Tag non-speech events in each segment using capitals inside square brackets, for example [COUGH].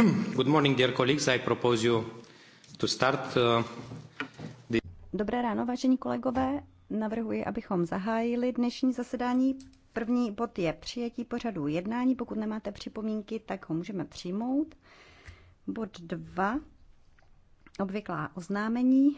[CLEARS THROAT] Good morning, dear colleagues. I propose you to start uh, the... Dobré ráno, vážení kolegové. Navrhuji, abychom zahájili dnešní zasedání. První bod je přijetí pořadu jednání. Pokud nemáte připomínky, tak ho můžeme přijmout. Bod 2. Obvyklá oznámení.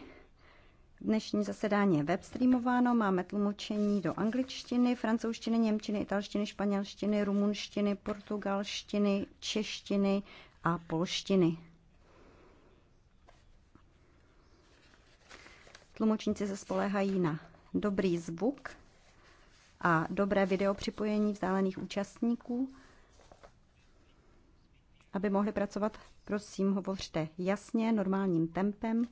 Dnešní zasedání je webstreamováno, máme tlumočení do angličtiny, francouzštiny, němčiny, italštiny, španělštiny, rumunštiny, portugalštiny, češtiny a polštiny. Tlumočníci se spoléhají na dobrý zvuk a dobré video připojení vzdálených účastníků. Aby mohli pracovat, prosím, hovořte jasně, normálním tempem.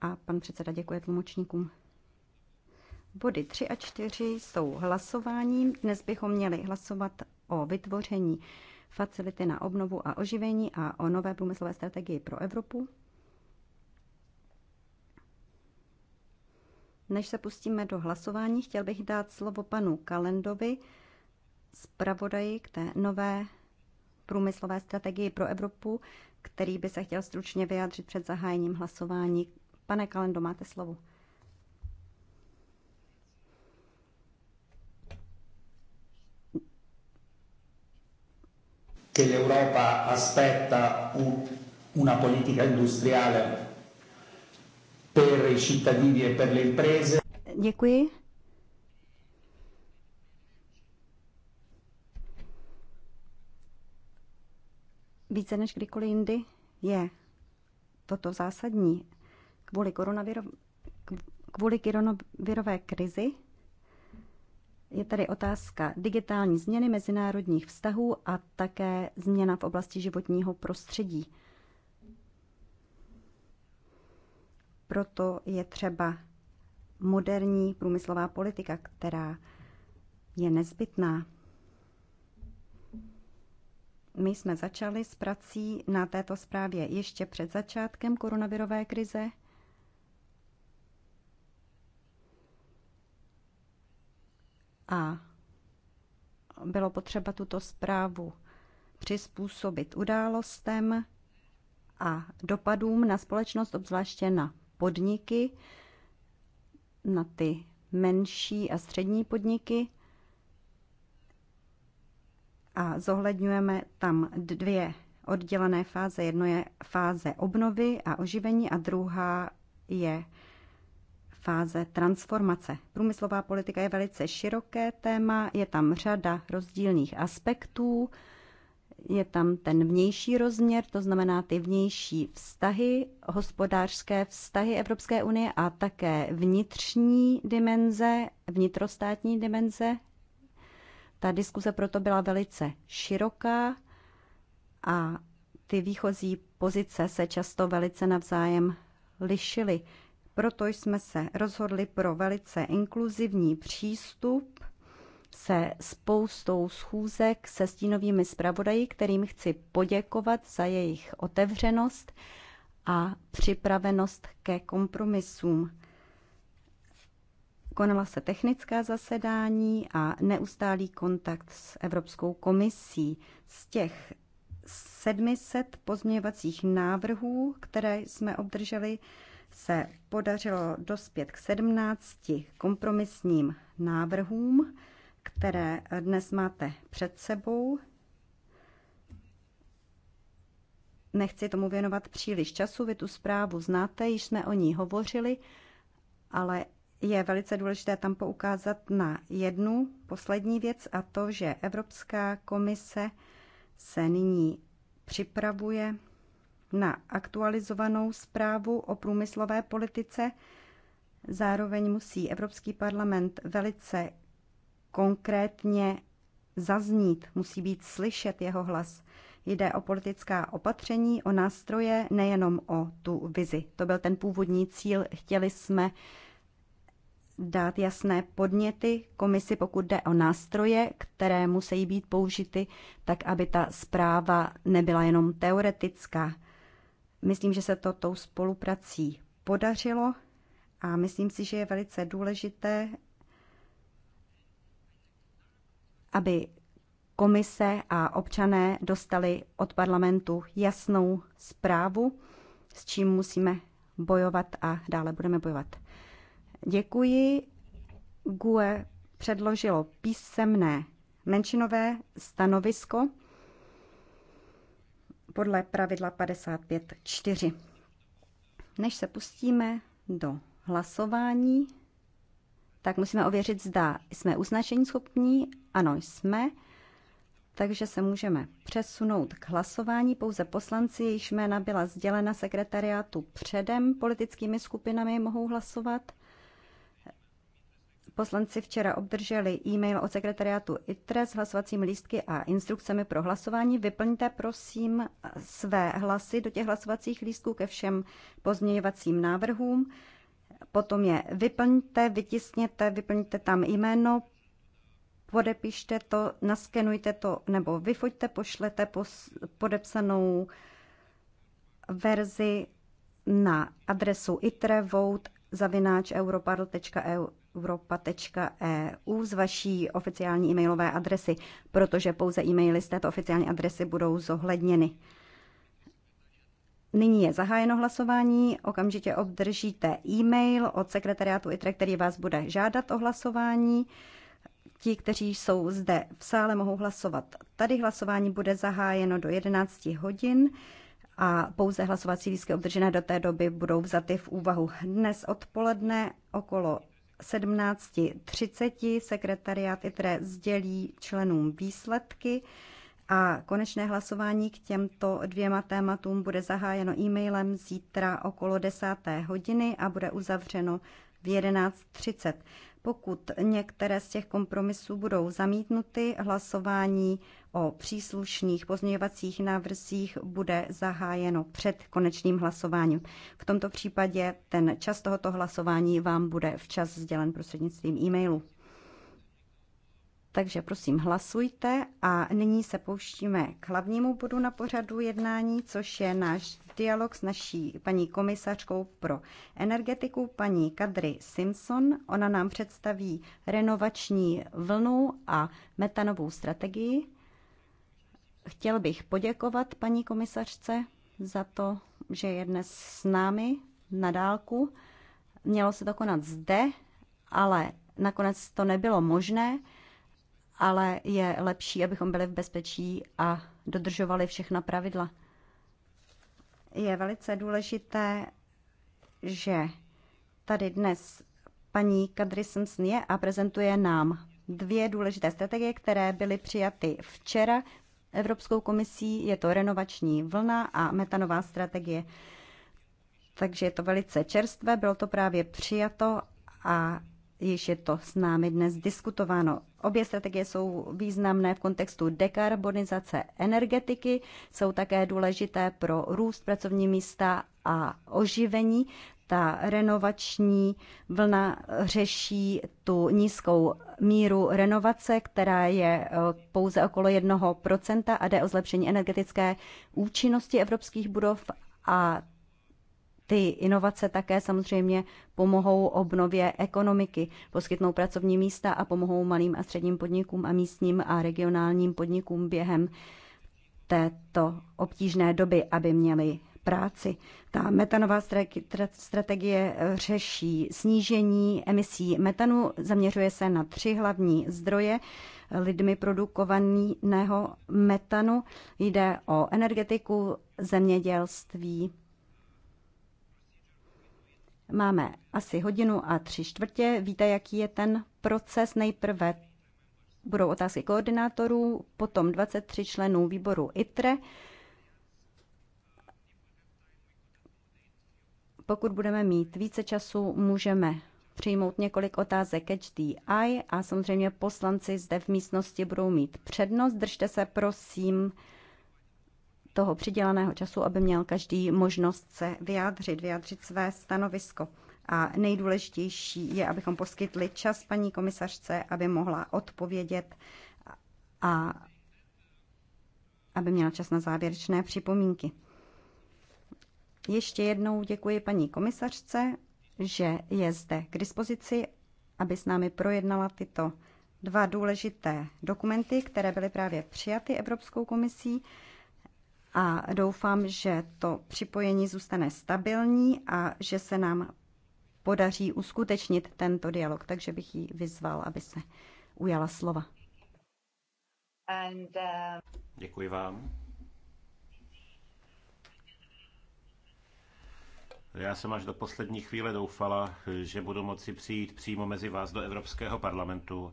A pan předseda děkuje tlumočníkům. Body 3 a 4 jsou hlasováním. Dnes bychom měli hlasovat o vytvoření facility na obnovu a oživení a o nové průmyslové strategii pro Evropu. Než se pustíme do hlasování, chtěl bych dát slovo panu Kalendovi, zpravodaji k té nové průmyslové strategii pro Evropu, který by se chtěl stručně vyjádřit před zahájením hlasování. Pane Kalendo, máte slovo. che l'Europa aspetta un, una politica industriale per i cittadini e per le imprese. Děkuji. Více než kdykoliv jindy je toto zásadní kvůli kvůli koronavirové krizi je tady otázka digitální změny mezinárodních vztahů a také změna v oblasti životního prostředí. Proto je třeba moderní průmyslová politika, která je nezbytná. My jsme začali s prací na této zprávě ještě před začátkem koronavirové krize a bylo potřeba tuto zprávu přizpůsobit událostem a dopadům na společnost, obzvláště na podniky, na ty menší a střední podniky. A zohledňujeme tam dvě oddělené fáze. Jedno je fáze obnovy a oživení a druhá je fáze transformace. Průmyslová politika je velice široké téma, je tam řada rozdílných aspektů, je tam ten vnější rozměr, to znamená ty vnější vztahy, hospodářské vztahy Evropské unie a také vnitřní dimenze, vnitrostátní dimenze. Ta diskuse proto byla velice široká a ty výchozí pozice se často velice navzájem lišily. Proto jsme se rozhodli pro velice inkluzivní přístup se spoustou schůzek se stínovými zpravodaji, kterým chci poděkovat za jejich otevřenost a připravenost ke kompromisům. Konala se technická zasedání a neustálý kontakt s Evropskou komisí. Z těch 700 pozměňovacích návrhů, které jsme obdrželi, se podařilo dospět k 17 kompromisním návrhům, které dnes máte před sebou. Nechci tomu věnovat příliš času, vy tu zprávu znáte, již jsme o ní hovořili, ale je velice důležité tam poukázat na jednu poslední věc a to, že Evropská komise se nyní připravuje na aktualizovanou zprávu o průmyslové politice. Zároveň musí Evropský parlament velice konkrétně zaznít, musí být slyšet jeho hlas. Jde o politická opatření, o nástroje, nejenom o tu vizi. To byl ten původní cíl. Chtěli jsme dát jasné podněty komisi, pokud jde o nástroje, které musí být použity, tak aby ta zpráva nebyla jenom teoretická. Myslím, že se to tou spoluprací podařilo a myslím si, že je velice důležité, aby komise a občané dostali od parlamentu jasnou zprávu, s čím musíme bojovat a dále budeme bojovat. Děkuji. GUE předložilo písemné menšinové stanovisko podle pravidla 55.4. Než se pustíme do hlasování, tak musíme ověřit, zda jsme uznačení schopní. Ano, jsme. Takže se můžeme přesunout k hlasování. Pouze poslanci, jejichž jména byla sdělena sekretariátu předem politickými skupinami, mohou hlasovat. Poslanci včera obdrželi e-mail od sekretariátu ITRE s hlasovacími lístky a instrukcemi pro hlasování. Vyplňte prosím své hlasy do těch hlasovacích lístků ke všem pozměňovacím návrhům. Potom je vyplňte, vytisněte, vyplňte tam jméno, podepište to, naskenujte to nebo vyfoďte, pošlete podepsanou verzi na adresu itrevote.europarl.eu europa.eu e z vaší oficiální e-mailové adresy, protože pouze e-maily z této oficiální adresy budou zohledněny. Nyní je zahájeno hlasování, okamžitě obdržíte e-mail od sekretariátu ITRE, který vás bude žádat o hlasování. Ti, kteří jsou zde v sále, mohou hlasovat. Tady hlasování bude zahájeno do 11 hodin a pouze hlasovací lístky obdržené do té doby budou vzaty v úvahu. Dnes odpoledne okolo 17.30 sekretariát ITRE sdělí členům výsledky a konečné hlasování k těmto dvěma tématům bude zahájeno e-mailem zítra okolo 10. hodiny a bude uzavřeno v 11.30. Pokud některé z těch kompromisů budou zamítnuty, hlasování o příslušných pozměňovacích návrzích bude zahájeno před konečným hlasováním. V tomto případě ten čas tohoto hlasování vám bude včas sdělen prostřednictvím e-mailu. Takže prosím hlasujte a nyní se pouštíme k hlavnímu bodu na pořadu jednání, což je náš dialog s naší paní komisařkou pro energetiku, paní Kadry Simpson. Ona nám představí renovační vlnu a metanovou strategii. Chtěl bych poděkovat paní komisařce za to, že je dnes s námi na dálku. Mělo se to konat zde, ale nakonec to nebylo možné ale je lepší, abychom byli v bezpečí a dodržovali všechna pravidla. Je velice důležité, že tady dnes paní Kadri Simpson je a prezentuje nám dvě důležité strategie, které byly přijaty včera Evropskou komisí. Je to renovační vlna a metanová strategie. Takže je to velice čerstvé, bylo to právě přijato a již je to s námi dnes diskutováno. Obě strategie jsou významné v kontextu dekarbonizace energetiky, jsou také důležité pro růst pracovní místa a oživení. Ta renovační vlna řeší tu nízkou míru renovace, která je e, pouze okolo 1% a jde o zlepšení energetické účinnosti evropských budov a ty inovace také samozřejmě pomohou obnově ekonomiky, poskytnou pracovní místa a pomohou malým a středním podnikům a místním a regionálním podnikům během této obtížné doby, aby měli práci. Ta metanová strategie řeší snížení emisí metanu, zaměřuje se na tři hlavní zdroje lidmi produkovaného metanu. Jde o energetiku, zemědělství Máme asi hodinu a tři čtvrtě. Víte, jaký je ten proces? Nejprve budou otázky koordinátorů, potom 23 členů výboru ITRE. Pokud budeme mít více času, můžeme přijmout několik otázek catch the eye a samozřejmě poslanci zde v místnosti budou mít přednost. Držte se prosím toho přiděleného času, aby měl každý možnost se vyjádřit, vyjádřit své stanovisko. A nejdůležitější je, abychom poskytli čas paní komisařce, aby mohla odpovědět a aby měla čas na závěrečné připomínky. Ještě jednou děkuji paní komisařce, že je zde k dispozici, aby s námi projednala tyto dva důležité dokumenty, které byly právě přijaty Evropskou komisí a doufám, že to připojení zůstane stabilní a že se nám podaří uskutečnit tento dialog. Takže bych ji vyzval, aby se ujala slova. And, uh... Děkuji vám. Já jsem až do poslední chvíle doufala, že budu moci přijít přímo mezi vás do Evropského parlamentu,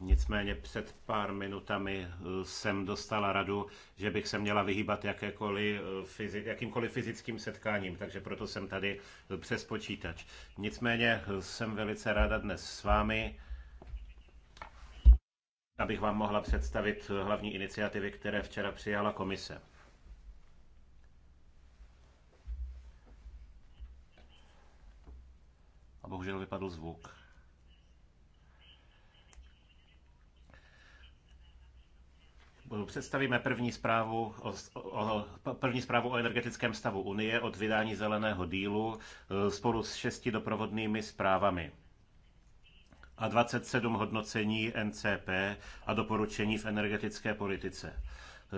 Nicméně před pár minutami eh, jsem dostala radu, že bych se měla vyhýbat jakékoliv eh, fyzi- jakýmkoliv fyzickým setkáním, takže proto jsem tady eh, přes počítač. Nicméně jsem velice ráda dnes s vámi, abych vám mohla představit hlavní iniciativy, které včera přijala komise. A bohužel vypadl zvuk. Představíme první zprávu o, o, první zprávu o energetickém stavu Unie od vydání zeleného dílu e, spolu s šesti doprovodnými zprávami a 27 hodnocení NCP a doporučení v energetické politice.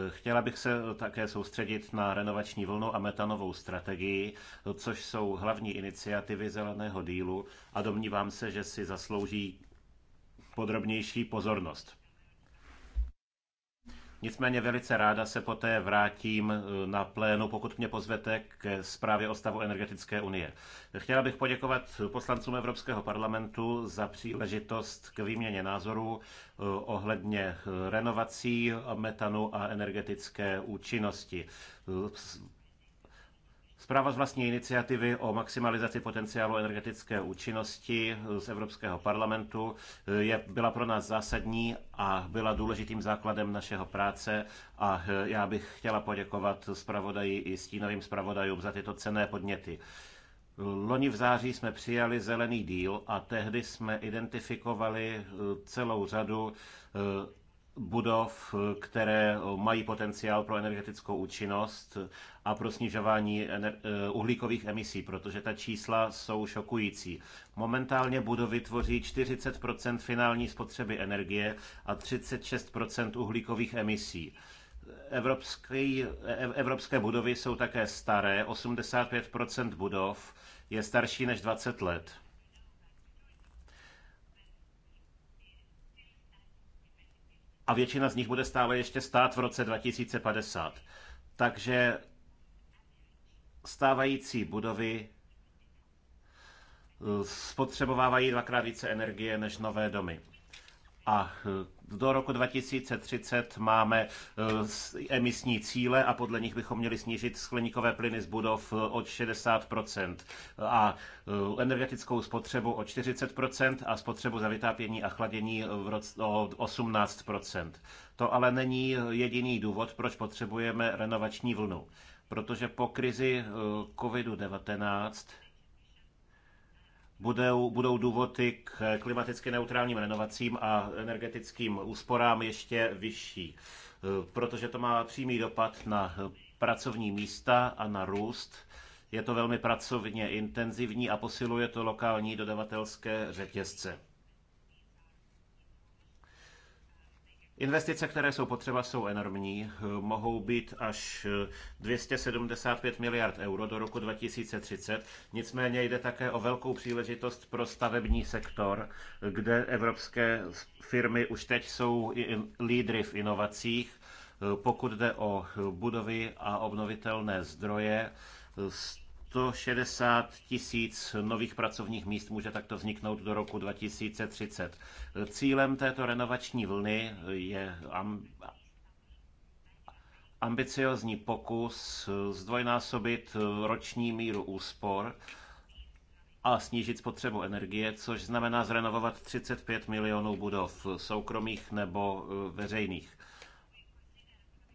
E, chtěla bych se také soustředit na renovační vlnu a metanovou strategii, což jsou hlavní iniciativy zeleného dílu a domnívám se, že si zaslouží podrobnější pozornost. Nicméně velice ráda se poté vrátím e, na plénu, pokud mě pozvete k zprávě o stavu energetické unie. Chtěla bych poděkovat poslancům Evropského parlamentu za příležitost k výměně názorů e, ohledně renovací, metanu a energetické účinnosti. E, Zpráva z vlastní iniciativy o maximalizaci potenciálu energetické účinnosti z Evropského parlamentu eh, je, byla pro nás zásadní a byla důležitým základem našeho práce a eh, já bych chtěla poděkovat zpravodaji i stínovým zpravodajům za tyto cené podněty. Loni v září jsme přijali zelený díl a tehdy jsme identifikovali eh, celou řadu budov, které mají potenciál pro energetickou účinnost a pro snižování eh, uhlíkových emisí, protože ta čísla jsou šokující. Momentálně budovy tvoří 40 finální spotřeby energie a 36 uhlíkových emisí. Evropské, eh, evropské budovy jsou také staré, 85 budov je starší než 20 let. a většina z nich bude stále ještě stát v roce 2050. Takže stávající budovy eh, spotřebovávají dvakrát více energie než nové domy a eh, do roku 2030 máme eh, emisní cíle a podle nich bychom měli snížit skleníkové plyny z budov eh, o 60 a energetickou spotřebu o 40 a spotřebu za vytápění a chladění o 18 To ale není jediný důvod, proč potřebujeme renovační vlnu. Protože po krizi COVID-19 budou, budou důvody k klimaticky neutrálním renovacím a energetickým úsporám ještě vyšší, protože to má přímý dopad na pracovní místa a na růst. Je to velmi pracovně intenzivní a posiluje to lokální dodavatelské řetězce. Investice, které jsou potřeba, jsou enormní. Mohou být až 275 miliard euro do roku 2030. Nicméně jde také o velkou příležitost pro stavební sektor, kde evropské firmy už teď jsou lídry v inovacích. Pokud jde o budovy a obnovitelné zdroje, 160 tisíc nových pracovních míst může takto vzniknout do roku 2030. Cílem této renovační vlny je ambiciozní pokus zdvojnásobit roční míru úspor a snížit spotřebu energie, což znamená zrenovovat 35 milionů budov soukromých nebo veřejných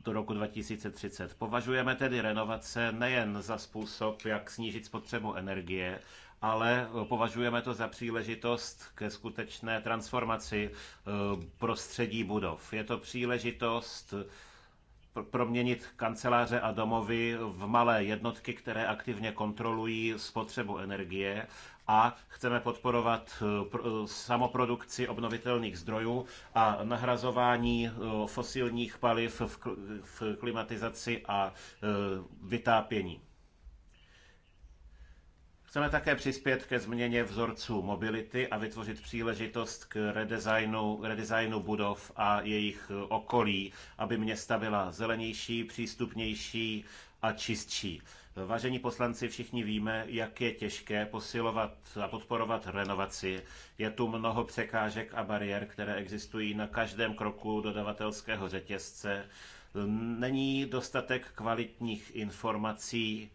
do roku 2030. Považujeme tedy renovace nejen za způsob, jak snížit spotřebu energie, ale považujeme to za příležitost ke skutečné transformaci eh, prostředí budov. Je to příležitost proměnit kanceláře a domovy v malé jednotky, které aktivně kontrolují spotřebu energie a chceme podporovat eh, eh, samoprodukci obnovitelných zdrojů a nahrazování eh, fosilních paliv v klimatizaci a vytápění. Chceme také přispět ke změně vzorců mobility a vytvořit příležitost k redesignu, redesignu budov a jejich okolí, aby města byla zelenější, přístupnější a čistší. Vážení poslanci, všichni víme, jak je těžké posilovat a podporovat renovaci. Je tu mnoho překážek a bariér, které existují na každém kroku dodavatelského řetězce. Není dostatek kvalitních informací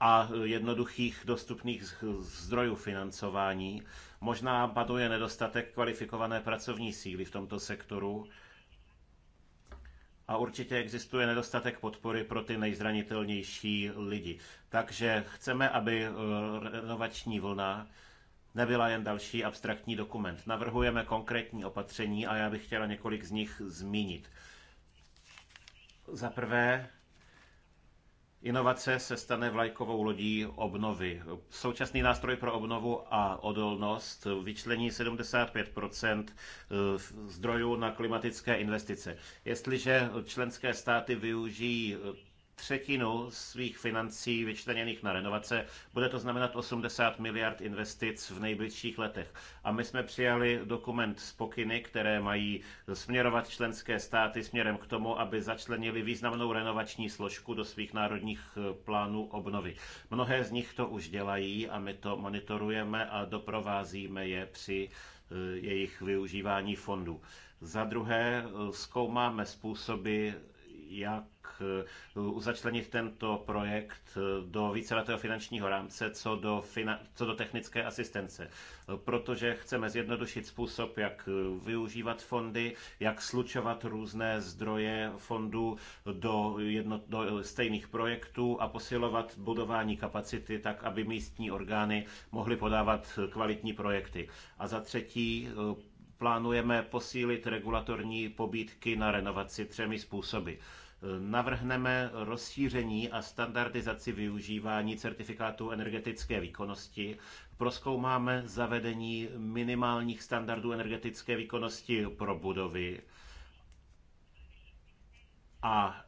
a jednoduchých dostupných zdrojů financování. Možná paduje nedostatek kvalifikované pracovní síly v tomto sektoru a určitě existuje nedostatek podpory pro ty nejzranitelnější lidi. Takže chceme, aby eh, renovační vlna nebyla jen další abstraktní dokument. Navrhujeme konkrétní opatření a já bych chtěla několik z nich zmínit. Za prvé, Inovace se stane vlajkovou lodí obnovy. Současný nástroj pro obnovu a odolnost vyčlení 75 eh, zdrojů na klimatické investice. Jestliže členské státy využijí eh, třetinu svých financí vyčleněných na renovace. Bude to znamenat 80 miliard investic v nejbližších letech. A my jsme přijali dokument z pokyny, které mají směrovat členské státy směrem k tomu, aby začlenili významnou renovační složku do svých národních eh, plánů obnovy. Mnohé z nich to už dělají a my to monitorujeme a doprovázíme je při eh, jejich využívání fondů. Za druhé eh, zkoumáme způsoby, jak Eh, začlenit tento projekt eh, do víceletého finančního rámce co do, fina, co do technické asistence, eh, protože chceme zjednodušit způsob, jak využívat fondy, jak slučovat různé zdroje fondů do, jedno, do stejných projektů a posilovat budování kapacity tak, aby místní orgány mohly podávat kvalitní projekty. A za třetí, plánujeme posílit regulatorní pobídky na renovaci třemi způsoby. Navrhneme rozšíření a standardizaci využívání certifikátů energetické výkonnosti. Proskoumáme zavedení minimálních standardů energetické výkonnosti pro budovy. A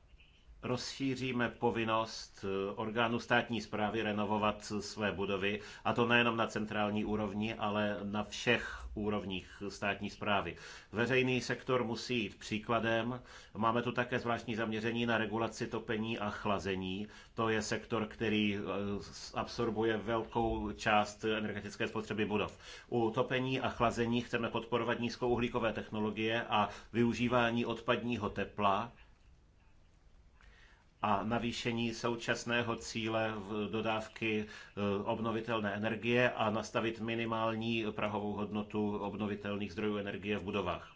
rozšíříme povinnost eh, orgánu státní zprávy renovovat své budovy, a to nejenom na centrální úrovni, ale na všech úrovních státní zprávy. Veřejný sektor musí jít příkladem. Máme tu také zvláštní zaměření na regulaci topení a chlazení. To je sektor, který eh, absorbuje velkou část energetické spotřeby budov. U topení a chlazení chceme podporovat nízkouhlíkové technologie a využívání odpadního tepla a navýšení současného cíle v dodávky e, obnovitelné energie a nastavit minimální prahovou hodnotu obnovitelných zdrojů energie v budovách.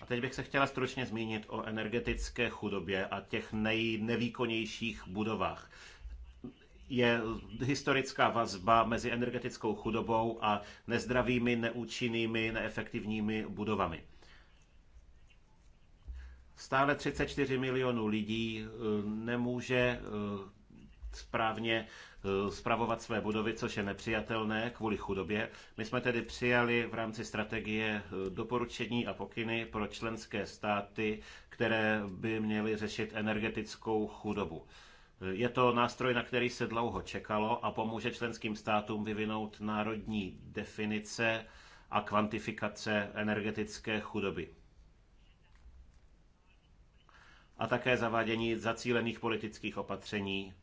A teď bych se chtěla stručně zmínit o energetické chudobě a těch nejnevýkonnějších budovách je historická vazba mezi energetickou chudobou a nezdravými, neúčinnými, neefektivními budovami. Stále 34 milionů lidí eh, nemůže eh, správně eh, spravovat své budovy, což je nepřijatelné kvůli chudobě. My jsme tedy přijali v rámci strategie doporučení a pokyny pro členské státy, které by měly řešit energetickou chudobu. Je to nástroj, na který se dlouho čekalo a pomůže členským státům vyvinout národní definice a kvantifikace energetické chudoby a také zavádění zacílených politických opatření,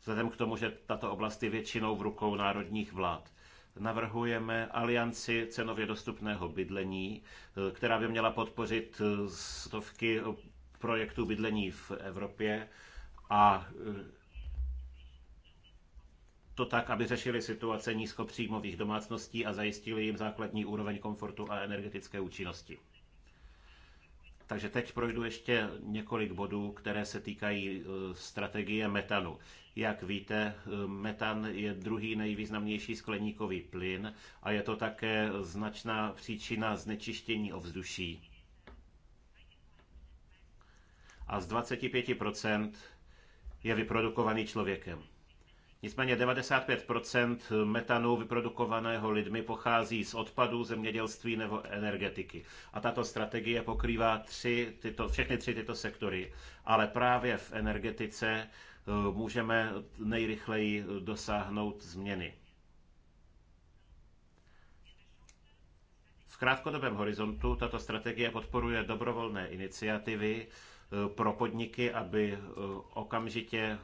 vzhledem k tomu, že tato oblast je většinou v rukou národních vlád. Navrhujeme alianci cenově dostupného bydlení, která by měla podpořit stovky projektů bydlení v Evropě a e, to tak, aby řešili situace nízkopříjmových domácností a zajistili jim základní úroveň komfortu a energetické účinnosti. Takže teď projdu ještě několik bodů, které se týkají e, strategie metanu. Jak víte, e, metan je druhý nejvýznamnější skleníkový plyn a je to také značná příčina znečištění ovzduší. A z 25 je vyprodukovaný člověkem. Nicméně 95 metanu vyprodukovaného lidmi pochází z odpadů, zemědělství nebo energetiky. A tato strategie pokrývá tři tyto, všechny tři tyto sektory. Ale právě v energetice eh, můžeme nejrychleji dosáhnout změny. V krátkodobém horizontu tato strategie podporuje dobrovolné iniciativy eh, pro podniky, aby eh, okamžitě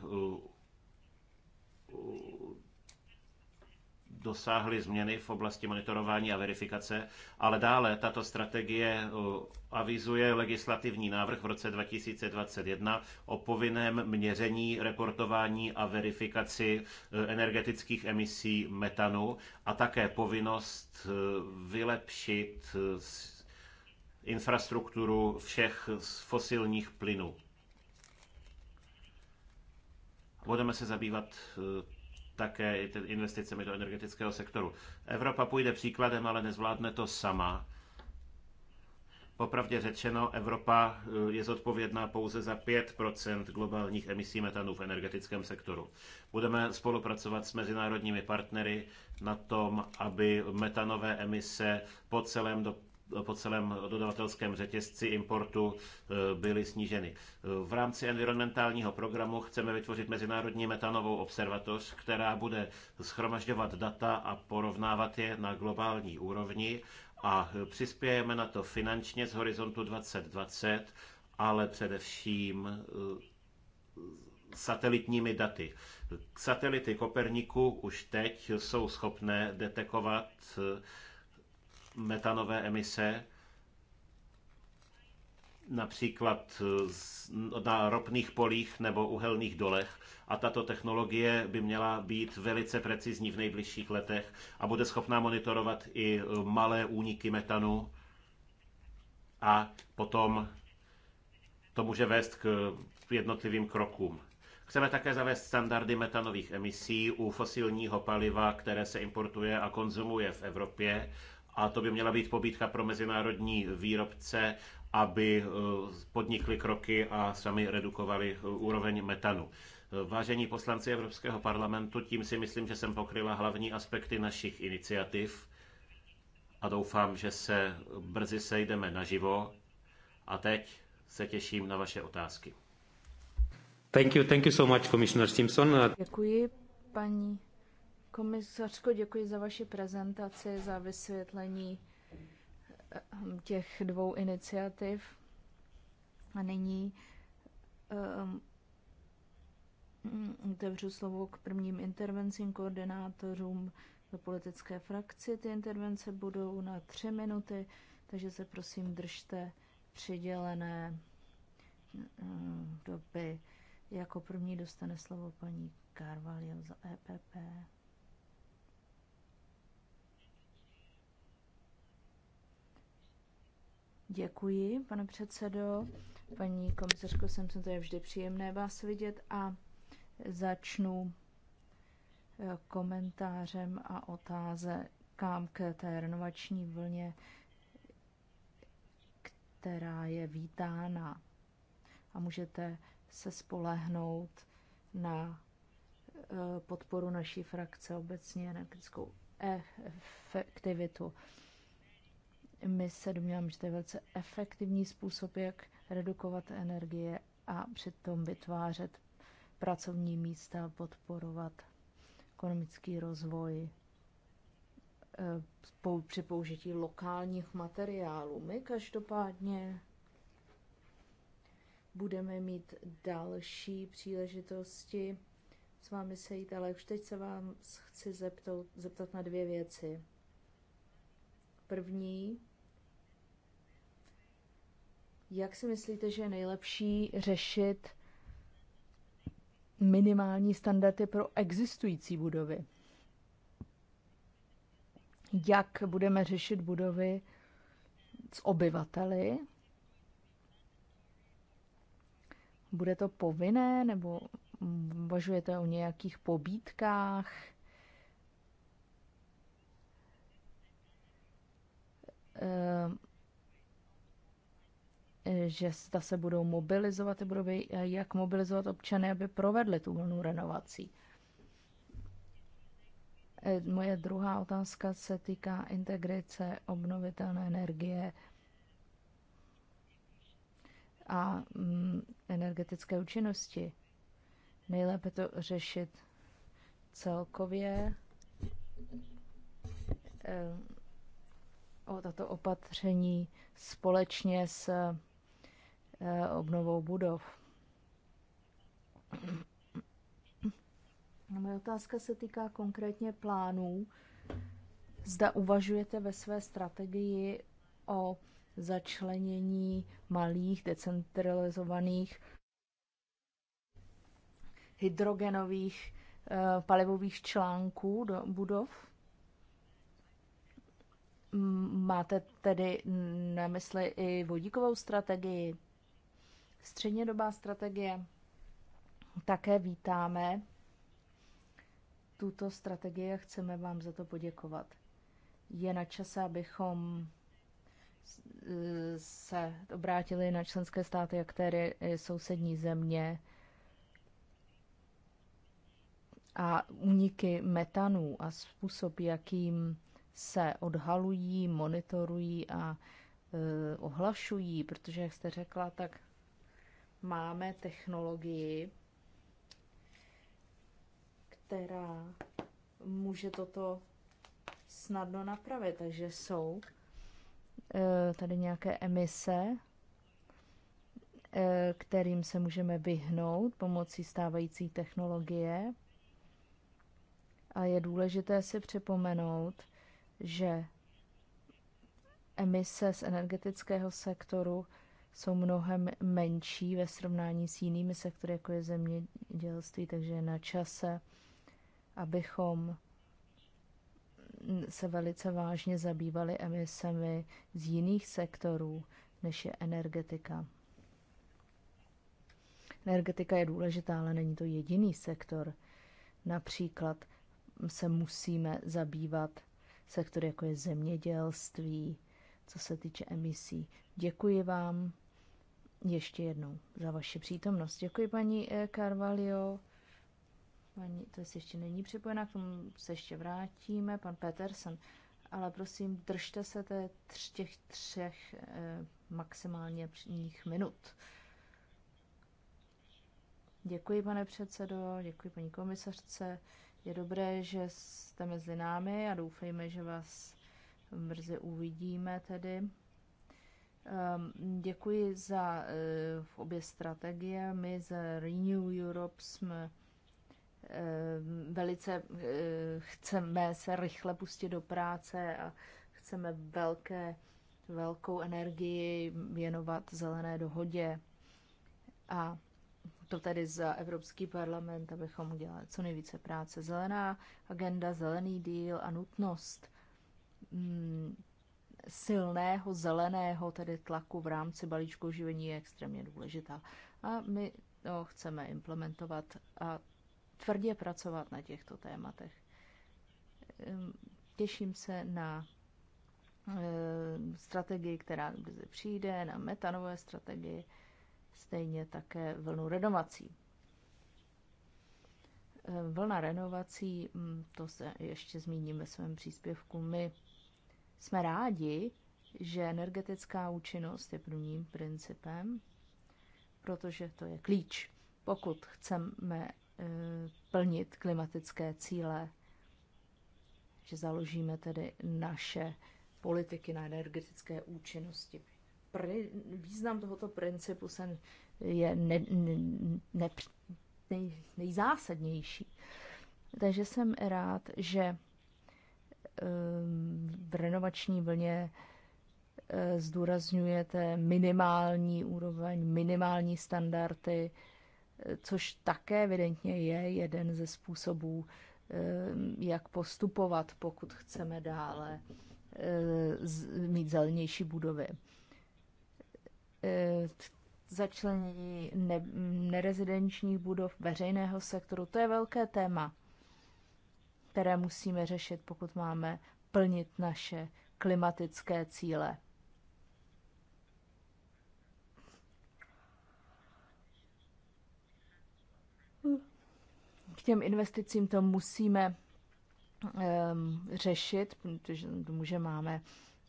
dosáhli změny v oblasti monitorování a verifikace, ale dále tato strategie eh, avizuje legislativní návrh v roce 2021 o povinném měření, reportování a verifikaci eh, energetických emisí metanu a také povinnost eh, vylepšit infrastrukturu všech fosilních plynů. Budeme se zabývat eh, také investicemi do energetického sektoru. Evropa půjde příkladem, ale nezvládne to sama. Popravdě řečeno, Evropa eh, je zodpovědná pouze za 5 globálních emisí metanu v energetickém sektoru. Budeme spolupracovat s mezinárodními partnery na tom, aby metanové emise po celém do po celém dodavatelském řetězci importu e, byly sníženy. E, v rámci environmentálního programu chceme vytvořit mezinárodní metanovou observatoř, která bude schromažďovat data a porovnávat je na globální úrovni a přispějeme na to finančně z horizontu 2020, ale především e, satelitními daty. Satelity Koperniku už teď jsou schopné detekovat metanové emise, například eh, na ropných polích nebo uhelných dolech. A tato technologie by měla být velice precizní v nejbližších letech a bude schopná monitorovat i eh, malé úniky metanu a potom to může vést k jednotlivým krokům. Chceme také zavést standardy metanových emisí u fosilního paliva, které se importuje a konzumuje v Evropě a to by měla být pobídka pro mezinárodní výrobce, aby eh, podnikli kroky a sami redukovali eh, úroveň metanu. Eh, vážení poslanci Evropského parlamentu, tím si myslím, že jsem pokryla hlavní aspekty našich iniciativ a doufám, že se brzy sejdeme naživo. A teď se těším na vaše otázky. Thank you, thank you so much, Commissioner Simpson. Děkuji, paní Komisařko, děkuji za vaši prezentaci, za vysvětlení eh, těch dvou iniciativ. A nyní um, otevřu slovo k prvním intervencím koordinátorům do politické frakci. Ty intervence budou na tři minuty, takže se prosím držte přidělené eh, doby. Jako první dostane slovo paní Carvalho za EPP. Děkuji, pane předsedo. Paní komisařko, jsem se to je vždy příjemné vás vidět a začnu eh, komentářem a otázkám k té renovační vlně, která je vítána. A můžete se spolehnout na eh, podporu naší frakce obecně energetickou e-, efektivitu. My se domníváme, že to je velice efektivní způsob, jak redukovat energie a přitom vytvářet pracovní místa, podporovat ekonomický rozvoj eh, při použití lokálních materiálů. My každopádně budeme mít další příležitosti s vámi sejít, ale už teď se vám chci zeptat, zeptat na dvě věci. První, jak si myslíte, že je nejlepší řešit minimální standardy pro existující budovy? Jak budeme řešit budovy s obyvateli? Bude to povinné nebo uvažujete o nějakých pobítkách? Ehm že zda se budou mobilizovat ty budovy, jak mobilizovat občany, aby provedli tu vlnu renovací. E, moje druhá otázka se týká integrace obnovitelné energie a mm, energetické účinnosti. Nejlépe to řešit celkově. E, o tato opatření společně s Eh, obnovou budov. Moje otázka se týká konkrétně plánů. Zda uvažujete ve své strategii o začlenění malých decentralizovaných hydrogenových eh, palivových článků do budov? Máte tedy na mysli i vodíkovou strategii? Střednědobá strategie. Také vítáme tuto strategii a chceme vám za to poděkovat. Je na čase, abychom se obrátili na členské státy, aktéry eh, sousední země a úniky metanů a způsob, jakým se odhalují, monitorují a eh, ohlašují, protože, jak jste řekla, tak máme technologii, která může toto snadno napravit. Takže jsou eh, tady nějaké emise, eh, kterým se můžeme vyhnout pomocí stávající technologie. A je důležité si připomenout, že emise z energetického sektoru jsou mnohem menší ve srovnání s jinými sektory, jako je zemědělství, takže je na čase, abychom se velice vážně zabývali emisemi z jiných sektorů, než je energetika. Energetika je důležitá, ale není to jediný sektor. Například se musíme zabývat sektory, jako je zemědělství, co se týče emisí. Děkuji vám ještě jednou za vaši přítomnost. Děkuji, paní eh, Carvalho. Paní, to si ještě není připojená, k tomu se ještě vrátíme. Pan Peterson, ale prosím, držte se té tř, těch třech eh, maximálně nich minut. Děkuji, pane předsedo, děkuji paní komisařce. Je dobré, že jste mezi námi a doufejme, že vás brzy uvidíme tedy. Ehm, děkuji za eh, obě strategie. My z Renew Europe jsme ehm, velice eh, chceme se rychle pustit do práce a chceme velké, velkou energii věnovat zelené dohodě. A to tedy za Evropský parlament, abychom udělali co nejvíce práce. Zelená agenda, zelený díl a nutnost hmm, silného zeleného tedy tlaku v rámci balíčku živení je extrémně důležitá. A my to chceme implementovat a tvrdě pracovat na těchto tématech. Ehm, těším se na ehm, strategii, která brzy přijde, na metanové strategii, stejně také vlnu renovací. Ehm, vlna renovací, mm, to se ještě zmíním ve svém příspěvku, my jsme rádi, že energetická účinnost je prvním principem, protože to je klíč. Pokud chceme e, plnit klimatické cíle, že založíme tedy naše politiky na energetické účinnosti. význam tohoto principu je ne, ne, ne, nej, nejzásadnější. Takže jsem rád, že Eh, v renovační vlně eh, zdůrazňujete minimální úroveň, minimální standardy, eh, což také evidentně je jeden ze způsobů, jak postupovat, pokud chceme dále mít zelenější budovy. Začlenění nerezidenčních budov veřejného sektoru, to je velké téma které musíme řešit, pokud máme plnit naše klimatické cíle. K těm investicím to musíme um, řešit, protože může máme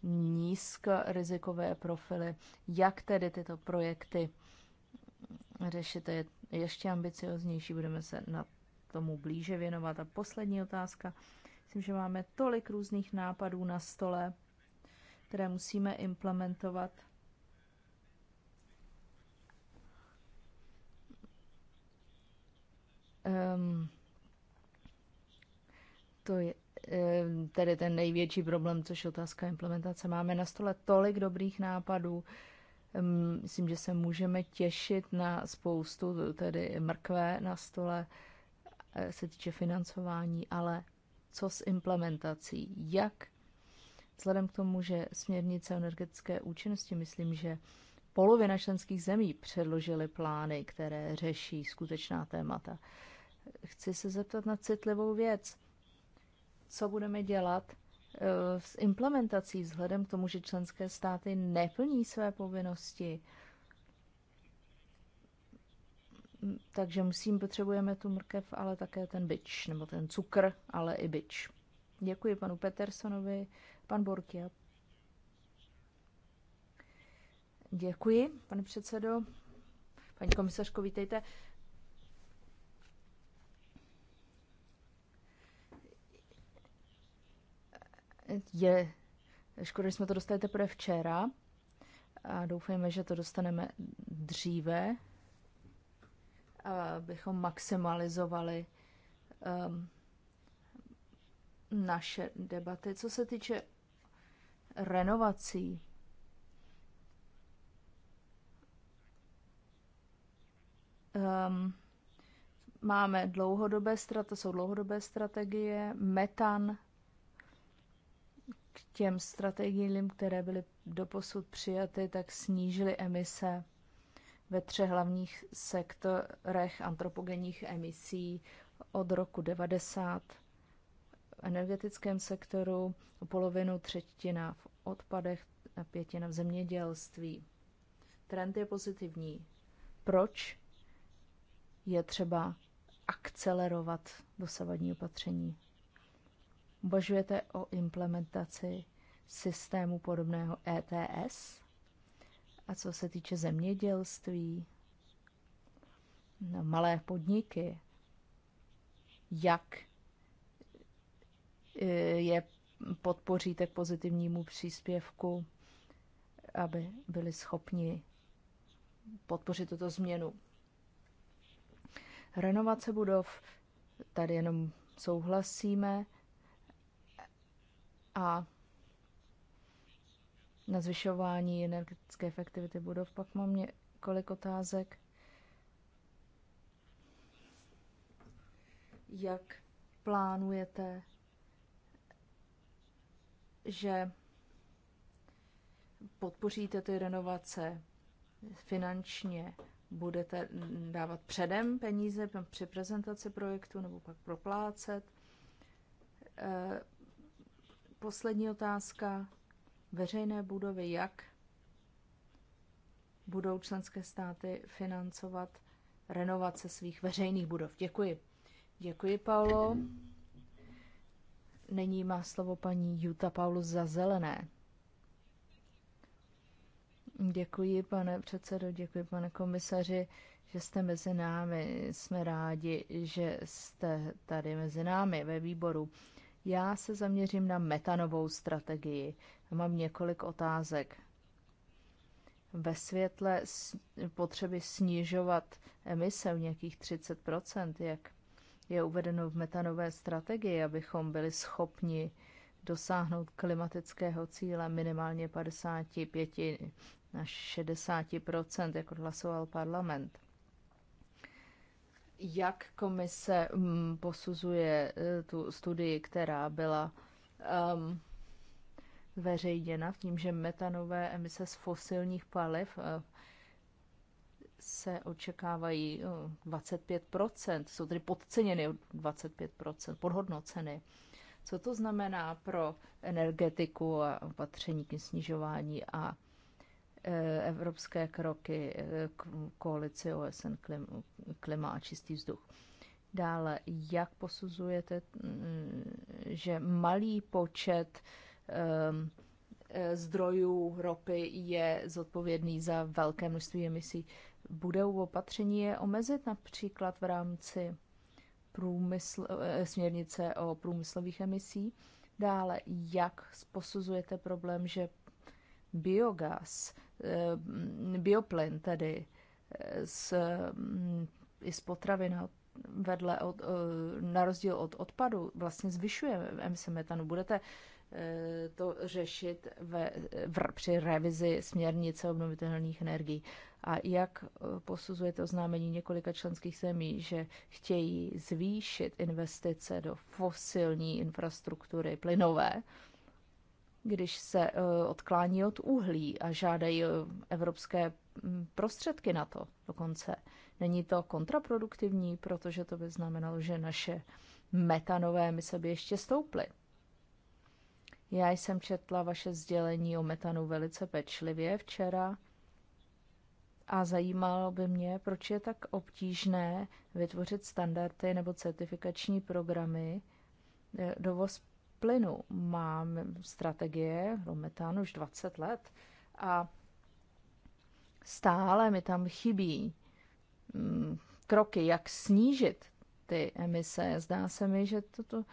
nízkorizikové profily. Jak tedy tyto projekty řešit? Je ještě ambicioznější, budeme se nad tomu blíže věnovat. A poslední otázka. Myslím, že máme tolik různých nápadů na stole, které musíme implementovat. Um, to je um, tedy ten největší problém, což je otázka implementace. Máme na stole tolik dobrých nápadů. Um, myslím, že se můžeme těšit na spoustu tedy mrkve na stole. Eh, se týče financování, ale co s implementací? Jak? Vzhledem k tomu, že směrnice o energetické účinnosti, myslím, že polovina členských zemí předložily plány, které řeší skutečná témata. Chci se zeptat na citlivou věc. Co budeme dělat eh, s implementací vzhledem k tomu, že členské státy neplní své povinnosti? Mm, takže musím, potřebujeme tu mrkev, ale také ten byč, nebo ten cukr, ale i byč. Děkuji panu Petersonovi, pan Borkia. Děkuji, pane předsedo. Paní komisařko, vítejte. Je škoda, že jsme to dostali teprve včera a doufejme, že to dostaneme dříve abychom maximalizovali um, naše debaty. Co se týče renovací, um, máme dlouhodobé strategie, to jsou dlouhodobé strategie, metan k těm strategiím, které byly doposud přijaty, tak snížily emise ve třech hlavních sektorech antropogenních emisí od roku 90 v energetickém sektoru, polovinu třetina v odpadech a pětina v zemědělství. Trend je pozitivní. Proč je třeba akcelerovat dosavadní opatření? Uvažujete o implementaci systému podobného ETS? A co se týče zemědělství, malé podniky, jak eh, je podpoříte k pozitivnímu příspěvku, aby byli schopni podpořit tuto změnu. Renovace budov, tady jenom souhlasíme a na zvyšování energetické efektivity budov. Pak mám několik otázek. Jak plánujete, že podpoříte ty renovace finančně? Budete dávat předem peníze při prezentaci projektu nebo pak proplácet? Eh, poslední otázka veřejné budovy, jak budou členské státy financovat renovace svých veřejných budov. Děkuji. Děkuji, Paulo. Nyní má slovo paní Juta Paulus za zelené. Děkuji, pane předsedo, děkuji, pane komisaři, že jste mezi námi. Jsme rádi, že jste tady mezi námi ve výboru. Já se zaměřím na metanovou strategii. Mám několik otázek. Ve světle potřeby snižovat emise o nějakých 30 jak je uvedeno v metanové strategii, abychom byli schopni dosáhnout klimatického cíle minimálně 55 na 60 jak odhlasoval parlament. Jak komise mm, posuzuje e, tu studii, která byla um, zveřejněna v tím, že metanové emise z fosilních paliv eh, se očekávají 25%, eh, jsou tedy podceněny 25%, podhodnoceny. Co to znamená pro energetiku a opatření k snižování a eh, evropské kroky k koalici OSN klima a čistý vzduch? Dále, jak posuzujete, mm, že malý počet Ehm, eh, zdrojů ropy je zodpovědný za velké množství emisí. Budou opatření je omezit například v rámci průmysl, eh, směrnice o průmyslových emisí. Dále, jak posuzujete problém, že biogas, ehm, bioplyn tedy z, eh, mm, i z potravina vedle od, na rozdíl od odpadu vlastně zvyšuje emise metanu. Budete Eh, to řešit ve, v, při revizi směrnice obnovitelných energií. A jak eh, posuzuje to známení několika členských zemí, že chtějí zvýšit investice do fosilní infrastruktury plynové, když se eh, odklání od uhlí a žádají evropské mm, prostředky na to dokonce. Není to kontraproduktivní, protože to by znamenalo, že naše metanové mise by ještě stouply. Já jsem četla vaše sdělení o metanu velice pečlivě včera a zajímalo by mě, proč je tak obtížné vytvořit standardy nebo certifikační programy eh, dovoz plynu. Mám strategie do metanu už 20 let a stále mi tam chybí mm, kroky, jak snížit ty emise. Zdá se mi, že toto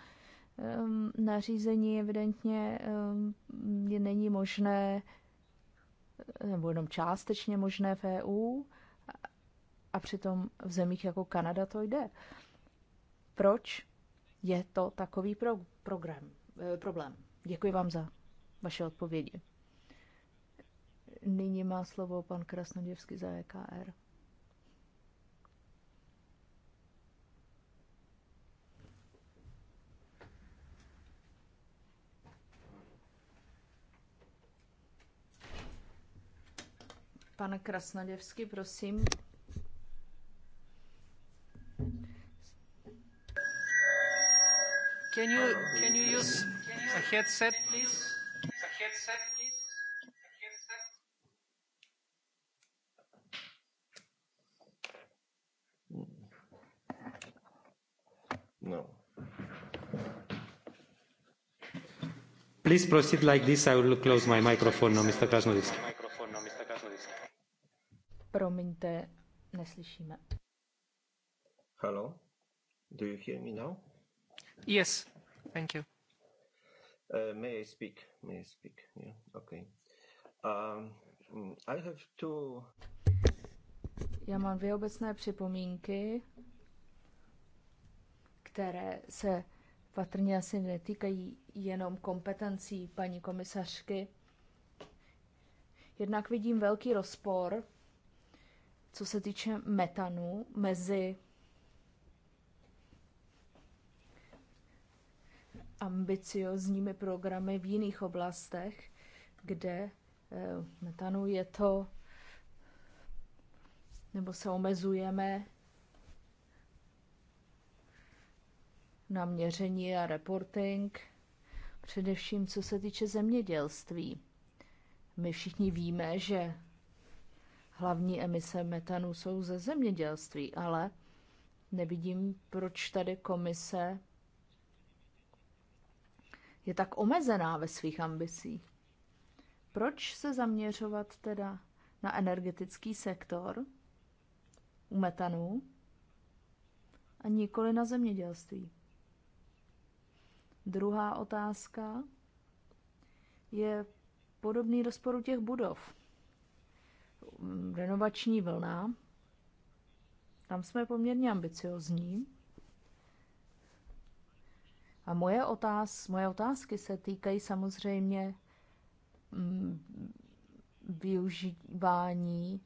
nařízení evidentně je není možné, nebo jenom částečně možné v EU, a přitom v zemích jako Kanada to jde. Proč je to takový pro, program, e, problém? Děkuji vám za vaše odpovědi. Nyní má slovo pan Krasnoděvský za EKR. Pane Krasnoděvský, prosím. Can you, can you use a headset, please? A headset, please? A headset? No. Please proceed like this. I will close my microphone now, Mr. Krasnodevsky. slyšíme. Hello? Do you hear me now? Yes, thank you. Uh, may I speak? May I speak? Yeah, okay. Um, I have two... Já mám dvě obecné připomínky, které se patrně asi netýkají jenom kompetencí paní komisařky. Jednak vidím velký rozpor co se týče metanu, mezi ambiciozními programy v jiných oblastech, kde eh, metanu je to, nebo se omezujeme na měření a reporting, především co se týče zemědělství. My všichni víme, že hlavní emise metanu jsou ze zemědělství, ale nevidím, proč tady komise je tak omezená ve svých ambicích. Proč se zaměřovat teda na energetický sektor u metanu a nikoli na zemědělství? Druhá otázka je podobný rozporu těch budov renovační vlna. Tam jsme poměrně ambiciozní. A moje, otáz, moje otázky se týkají samozřejmě mm, využívání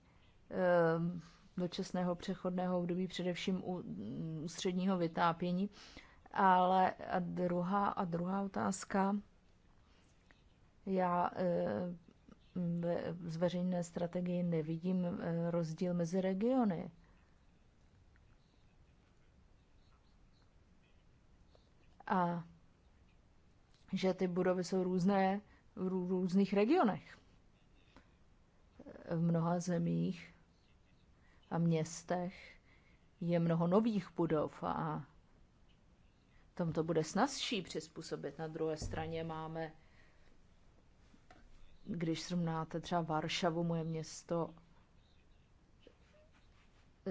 ehm, dočasného přechodného období, především u středního vytápění. Ale a druhá, a druhá otázka, já ehm, z veřejné strategii nevidím eh, rozdíl mezi regiony. A že ty budovy jsou různé v různých regionech. V mnoha zemích a městech je mnoho nových budov a tam to bude snazší přizpůsobit. Na druhé straně máme když srovnáte třeba Varšavu, moje město,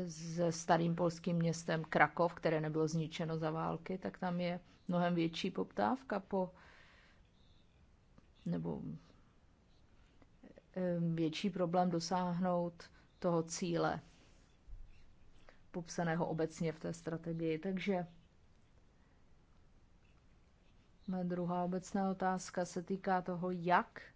se starým polským městem Krakov, které nebylo zničeno za války, tak tam je mnohem větší poptávka po nebo větší problém dosáhnout toho cíle popsaného obecně v té strategii. Takže moje druhá obecná otázka se týká toho, jak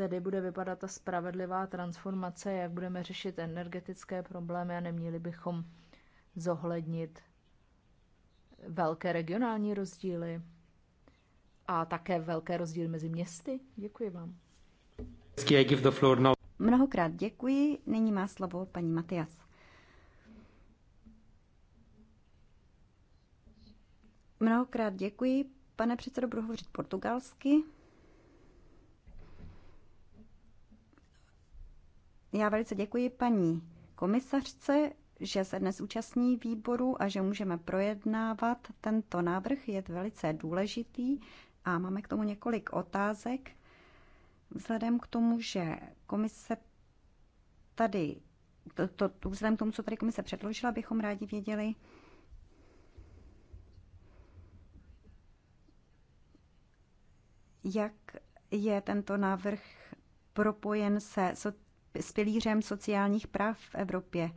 tedy bude vypadat ta spravedlivá transformace, jak budeme řešit energetické problémy a neměli bychom zohlednit velké regionální rozdíly a také velké rozdíly mezi městy. Děkuji vám. Mnohokrát děkuji. Nyní má slovo paní Matias. Mnohokrát děkuji. Pane předsedo, budu hovořit portugalsky. Já velice děkuji paní komisařce, že se dnes účastní výboru a že můžeme projednávat tento návrh. Je velice důležitý a máme k tomu několik otázek. Vzhledem k tomu, že komise tady, to, to, vzhledem k tomu, co tady komise předložila, bychom rádi věděli, jak je tento návrh propojen se s pilířem sociálních práv v Evropě.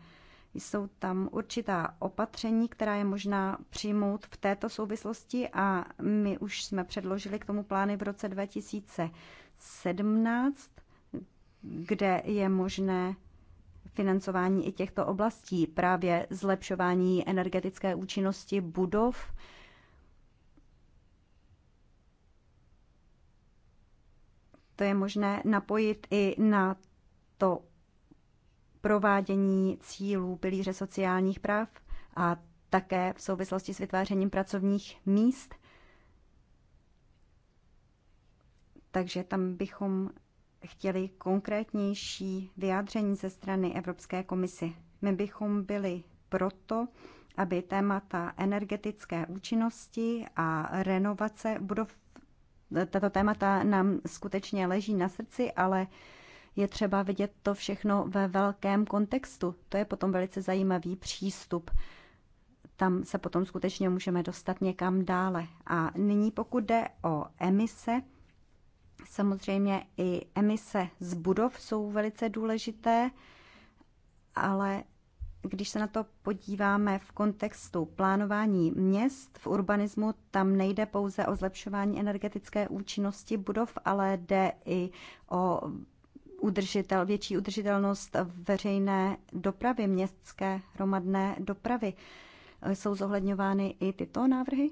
Jsou tam určitá opatření, která je možná přijmout v této souvislosti a my už jsme předložili k tomu plány v roce 2017, kde je možné financování i těchto oblastí, právě zlepšování energetické účinnosti budov, to je možné napojit i na to provádění cílů pilíře sociálních práv a také v souvislosti s vytvářením pracovních míst. Takže tam bychom chtěli konkrétnější vyjádření ze strany Evropské komisy. My bychom byli proto, aby témata energetické účinnosti a renovace budov, tato témata nám skutečně leží na srdci, ale je třeba vidět to všechno ve velkém kontextu. To je potom velice zajímavý přístup. Tam se potom skutečně můžeme dostat někam dále. A nyní pokud jde o emise, samozřejmě i emise z budov jsou velice důležité, ale když se na to podíváme v kontextu plánování měst v urbanismu, tam nejde pouze o zlepšování energetické účinnosti budov, ale jde i o udržitel, větší udržitelnost veřejné dopravy, městské hromadné dopravy. Jsou zohledňovány i tyto návrhy?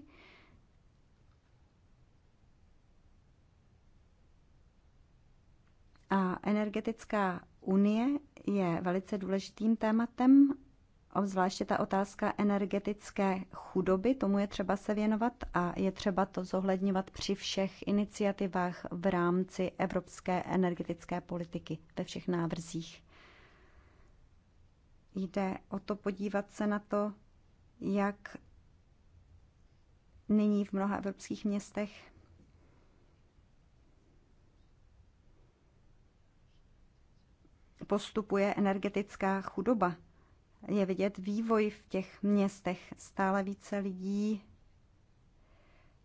A energetická unie je velice důležitým tématem obzvláště ta otázka energetické chudoby, tomu je třeba se věnovat a je třeba to zohledňovat při všech iniciativách v rámci evropské energetické politiky, ve všech návrzích. Jde o to podívat se na to, jak nyní v mnoha evropských městech postupuje energetická chudoba je vidět vývoj v těch městech. Stále více lidí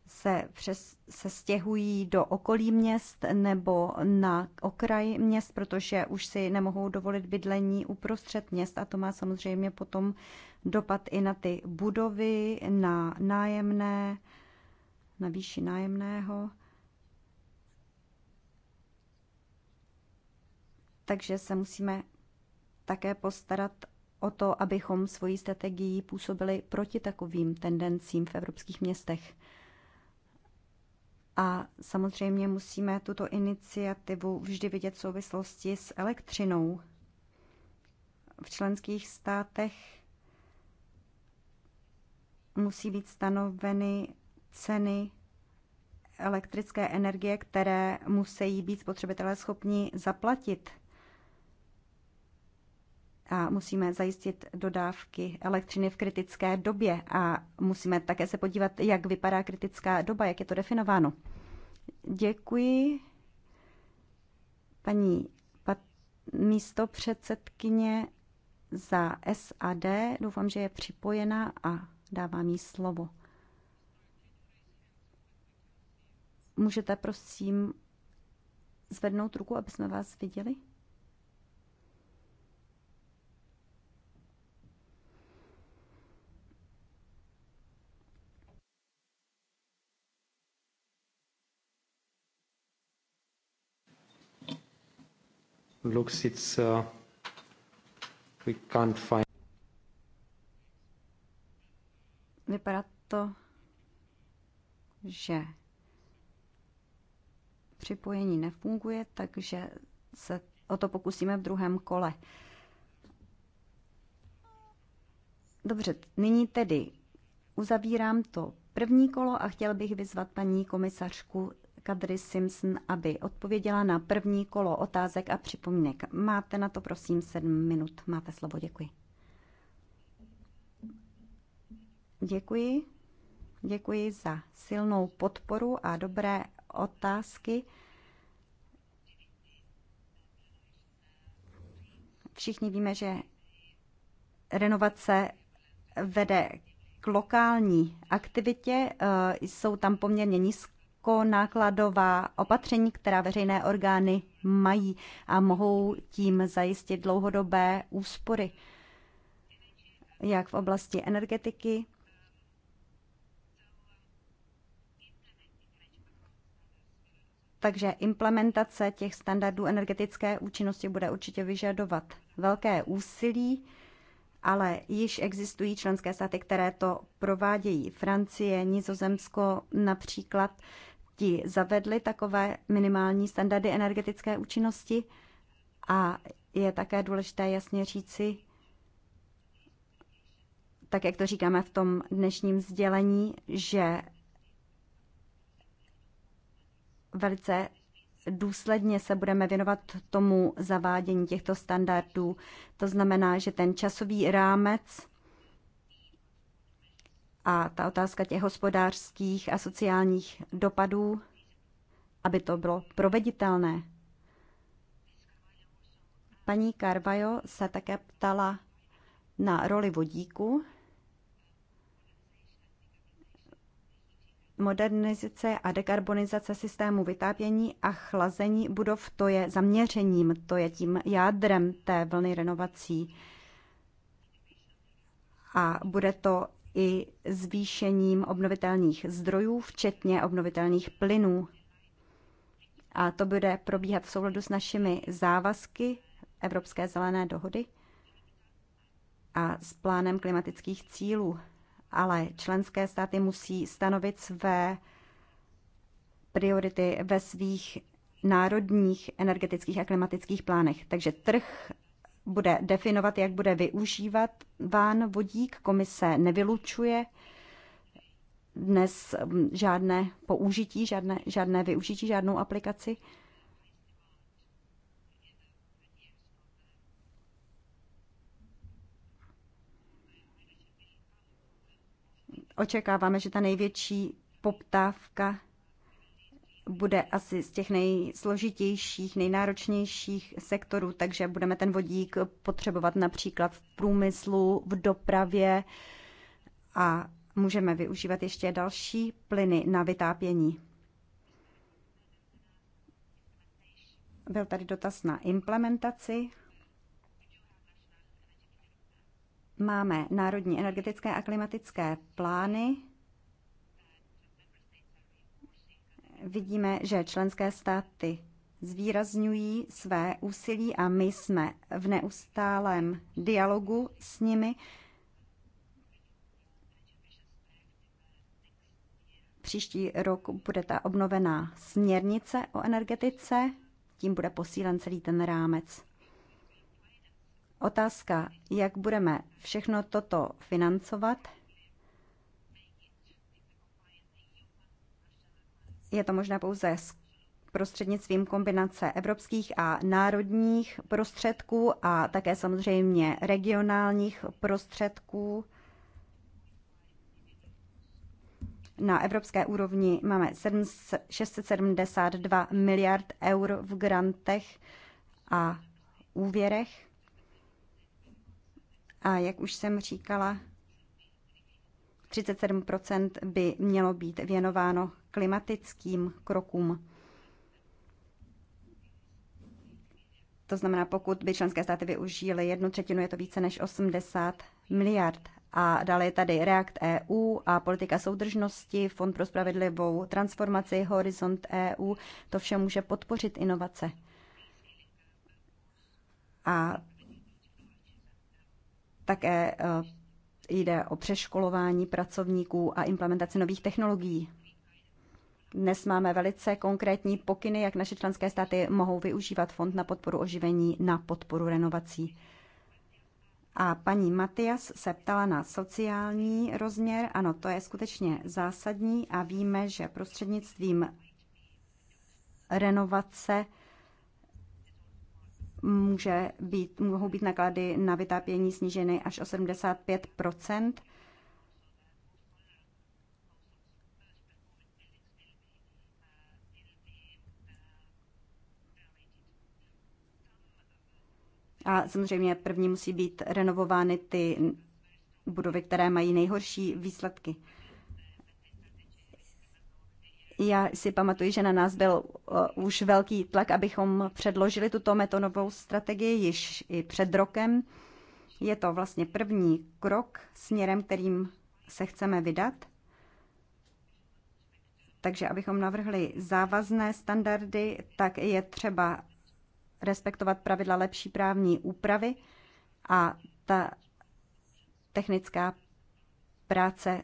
se, přes, se stěhují do okolí měst nebo na okraj měst, protože už si nemohou dovolit bydlení uprostřed měst a to má samozřejmě potom dopad i na ty budovy, na nájemné, na výši nájemného. Takže se musíme také postarat o to, abychom svojí strategií působili proti takovým tendencím v evropských městech. A samozřejmě musíme tuto iniciativu vždy vidět v souvislosti s elektřinou. V členských státech musí být stanoveny ceny elektrické energie, které musí být spotřebitelé schopni zaplatit – a musíme zajistit dodávky elektřiny v kritické době a musíme také se podívat, jak vypadá kritická doba, jak je to definováno. Děkuji. Paní místo předsedkyně za SAD, doufám, že je připojena a dávám jí slovo. Můžete prosím zvednout ruku, aby jsme vás viděli? looks it's uh, we can't find. Vypadá to, že připojení nefunguje, takže se o to pokusíme v druhém kole. Dobře, nyní tedy uzavírám to první kolo a chtěl bych vyzvat paní komisařku Kadry Simpson, aby odpověděla na první kolo otázek a připomínek. Máte na to, prosím, sedm minut. Máte slovo, děkuji. Děkuji. Děkuji za silnou podporu a dobré otázky. Všichni víme, že renovace vede k lokální aktivitě. E, jsou tam poměrně nízké nízkonákladová jako opatření, která veřejné orgány mají a mohou tím zajistit dlouhodobé úspory, jak v oblasti energetiky, Takže implementace těch standardů energetické účinnosti bude určitě vyžadovat velké úsilí, ale již existují členské státy, které to provádějí. Francie, Nizozemsko například ti zavedli takové minimální standardy energetické účinnosti a je také důležité jasně říci, tak jak to říkáme v tom dnešním sdělení, že velice důsledně se budeme věnovat tomu zavádění těchto standardů. To znamená, že ten časový rámec a ta otázka těch hospodářských a sociálních dopadů, aby to bylo proveditelné. Paní Carvajo se také ptala na roli vodíku, modernizace a dekarbonizace systému vytápění a chlazení budov, to je zaměřením, to je tím jádrem té vlny renovací. A bude to i zvýšením obnovitelných zdrojů, včetně obnovitelných plynů. A to bude probíhat v souladu s našimi závazky Evropské zelené dohody a s plánem klimatických cílů. Ale členské státy musí stanovit své priority ve svých národních energetických a klimatických plánech. Takže trh bude definovat, jak bude využívat ván vodík. Komise nevylučuje dnes žádné použití, žádné, žádné využití, žádnou aplikaci. Očekáváme, že ta největší poptávka bude asi z těch nejsložitějších, nejnáročnějších sektorů, takže budeme ten vodík potřebovat například v průmyslu, v dopravě a můžeme využívat ještě další plyny na vytápění. Byl tady dotaz na implementaci. Máme národní energetické a klimatické plány, vidíme, že členské státy zvýrazňují své úsilí a my jsme v neustálém dialogu s nimi. Příští rok bude ta obnovená směrnice o energetice, tím bude posílen celý ten rámec. Otázka, jak budeme všechno toto financovat, je to možné pouze s prostřednictvím kombinace evropských a národních prostředků a také samozřejmě regionálních prostředků. Na evropské úrovni máme 672 miliard eur v grantech a úvěrech. A jak už jsem říkala, 37 by mělo být věnováno klimatickým krokům. To znamená, pokud by členské státy využíly jednu třetinu, je to více než 80 miliard. A dále je tady React EU a politika soudržnosti, Fond pro spravedlivou transformaci, Horizont EU. To vše může podpořit inovace. A také eh, jde o přeškolování pracovníků a implementaci nových technologií. Dnes máme velice konkrétní pokyny, jak naše členské státy mohou využívat fond na podporu oživení na podporu renovací. A paní Matias se ptala na sociální rozměr. Ano, to je skutečně zásadní a víme, že prostřednictvím renovace může být, mohou být náklady na vytápění sníženy až o 75 A samozřejmě první musí být renovovány ty budovy, které mají nejhorší výsledky. Já si pamatuju, že na nás byl eh, už velký tlak, abychom předložili tuto metonovou strategii již i před rokem. Je to vlastně první krok směrem, kterým se chceme vydat. Takže abychom navrhli závazné standardy, tak je třeba respektovat pravidla lepší právní úpravy a ta technická práce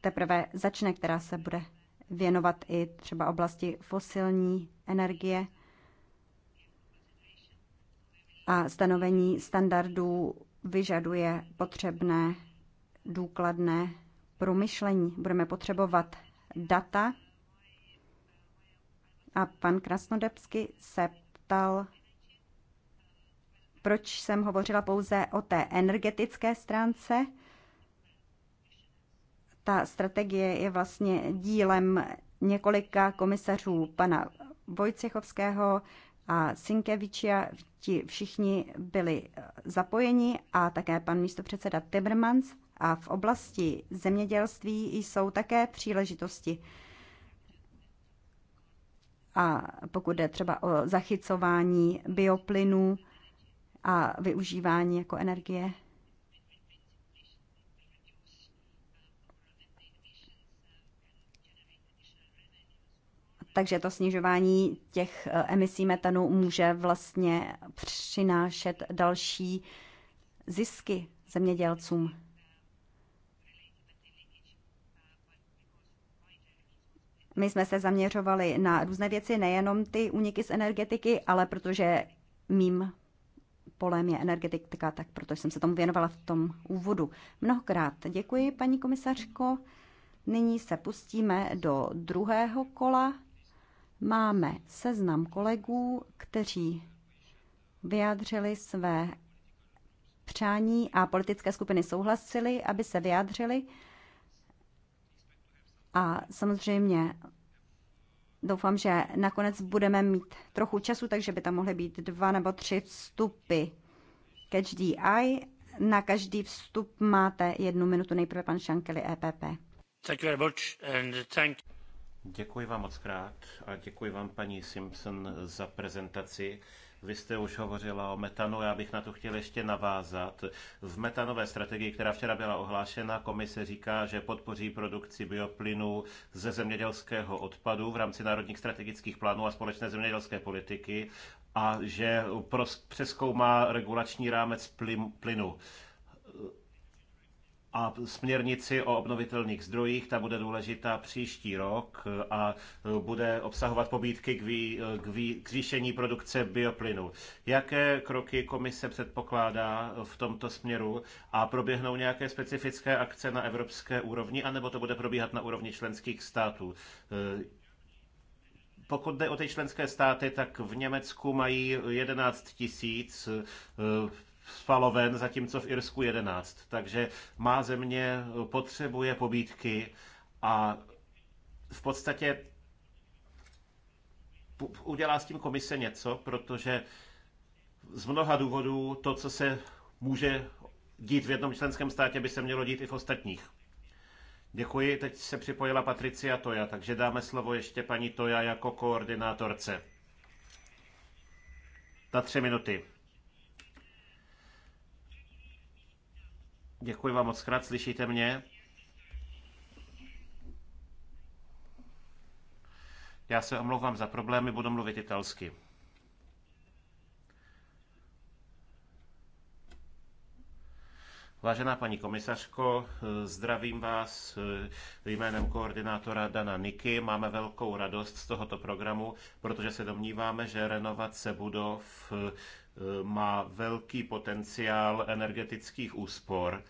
teprve začne, která se bude věnovat i třeba oblasti fosilní energie a stanovení standardů vyžaduje potřebné důkladné promyšlení. Budeme potřebovat data. A pan Krasnodebsky se ptal, proč jsem hovořila pouze o té energetické stránce. Ta strategie je vlastně dílem několika komisařů, pana Vojcechovského a Sinkevičia. Ti všichni byli eh, zapojeni a také pan místopředseda Timmermans. A v oblasti zemědělství jsou také příležitosti a pokud jde třeba o zachycování bioplynů a využívání jako energie. Takže to snižování těch eh, emisí metanu může vlastně přinášet další zisky zemědělcům. My jsme se zaměřovali na různé věci, nejenom ty úniky z energetiky, ale protože mým polem je energetika, tak protože jsem se tomu věnovala v tom úvodu. Mnohokrát děkuji, paní komisařko. Nyní se pustíme do druhého kola. Máme seznam kolegů, kteří vyjádřili své přání a politické skupiny souhlasily, aby se vyjádřili. A samozřejmě doufám, že nakonec budeme mít trochu času, takže by tam mohly být dva nebo tři vstupy ke HDI. Na každý vstup máte jednu minutu. Nejprve pan Šankeli, EPP. Thank you very much and thank Děkuji vám moc krát a děkuji vám, paní Simpson, za prezentaci. Vy jste už hovořila o metanu, já bych na to chtěl ještě navázat. V metanové strategii, která včera byla ohlášena, komise říká, že podpoří produkci bioplynu ze zemědělského odpadu v rámci národních strategických plánů a společné zemědělské politiky a že přeskoumá regulační rámec plynu a směrnici o obnovitelných zdrojích, ta bude důležitá příští rok a bude obsahovat pobídky k, vý, k, vý, k produkce bioplynu. Jaké kroky komise předpokládá v tomto směru a proběhnou nějaké specifické akce na evropské úrovni, anebo to bude probíhat na úrovni členských států? Pokud jde o ty členské státy, tak v Německu mají 11 tisíc eh, spalo zatímco v Irsku 11. Takže má země eh, potřebuje pobídky a v podstatě udělá s tím komise něco, protože z mnoha důvodů to, co se může dít v jednom členském státě, by se mělo dít i v ostatních. Děkuji, teď se připojila Patricia Toja, takže dáme slovo ještě paní Toja jako koordinátorce. Na tři minuty. Děkuji vám moc krát, slyšíte mě? Já se omlouvám za problémy, budu mluvit italsky. Vážená paní komisařko, zdravím vás jménem koordinátora Dana Niky. Máme velkou radost z tohoto programu, protože se domníváme, že renovace budov má velký potenciál energetických úspor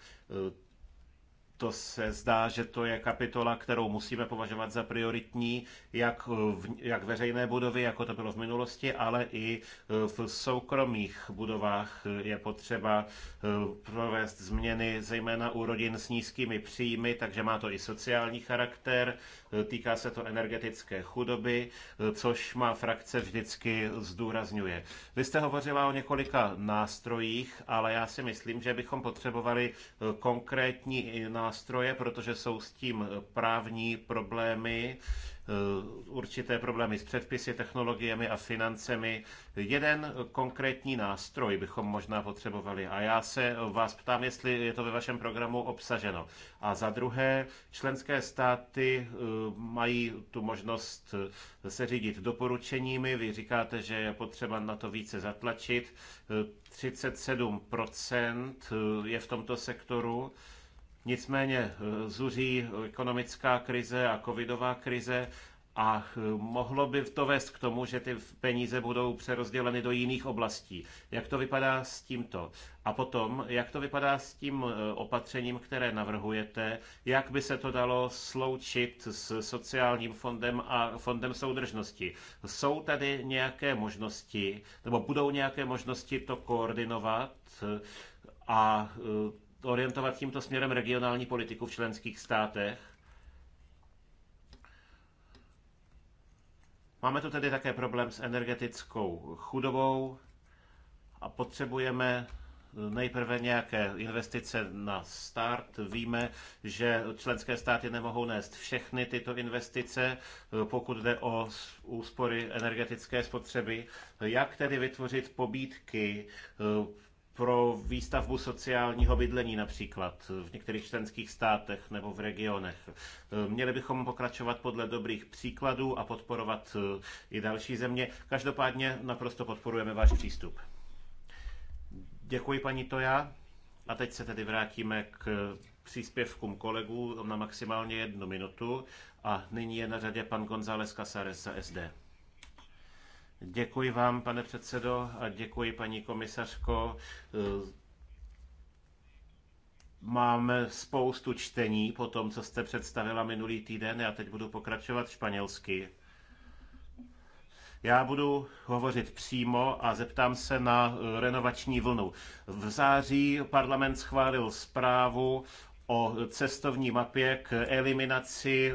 to se zdá, že to je kapitola, kterou musíme považovat za prioritní, jak, v, jak veřejné budovy, jako to bylo v minulosti, ale i e, v soukromých budovách je potřeba e, provést změny, zejména u rodin s nízkými příjmy, takže má to i sociální charakter, e, týká se to energetické chudoby, což má frakce vždycky zdůrazňuje. Vy jste hovořila o několika nástrojích, ale já si myslím, že bychom potřebovali konkrétní nástroje, nástroje, protože jsou s tím eh, právní problémy, eh, určité problémy s předpisy, technologiemi a financemi. Jeden eh, konkrétní nástroj bychom možná potřebovali a já se vás ptám, jestli je to ve vašem programu obsaženo. A za druhé, členské státy mají tu možnost se řídit doporučeními. Vy říkáte, že je potřeba na to více zatlačit. 37% je v tomto sektoru. Nicméně eh, zuří ekonomická krize a covidová krize a eh, mohlo by to vést k tomu, že ty peníze budou přerozděleny do jiných oblastí. Jak to vypadá s tímto? A potom, jak to vypadá s tím eh, opatřením, které navrhujete? Jak by se to dalo sloučit s sociálním fondem a fondem soudržnosti? Jsou tady nějaké možnosti, nebo budou nějaké možnosti to koordinovat? a orientovat tímto směrem regionální politiku v členských státech. Máme tu tedy také problém s energetickou chudobou a potřebujeme nejprve nějaké investice na start. Víme, že členské státy nemohou nést všechny tyto investice, pokud jde o úspory energetické spotřeby. Jak tedy vytvořit pobídky pro výstavbu sociálního bydlení například v některých členských státech nebo v regionech. Měli bychom pokračovat podle dobrých příkladů a podporovat eh, i další země. Každopádně naprosto podporujeme váš přístup. Děkuji paní Toja. A teď se tedy vrátíme k eh, příspěvkům kolegů na maximálně jednu minutu. A nyní je na řadě pan González Casares SD. Děkuji vám, pane předsedo, a děkuji, paní komisařko. Máme spoustu čtení po tom, co jste představila minulý týden. Já teď budu pokračovat španělsky. Já budu hovořit přímo a zeptám se na renovační vlnu. V září parlament schválil zprávu o cestovní mapě k eliminaci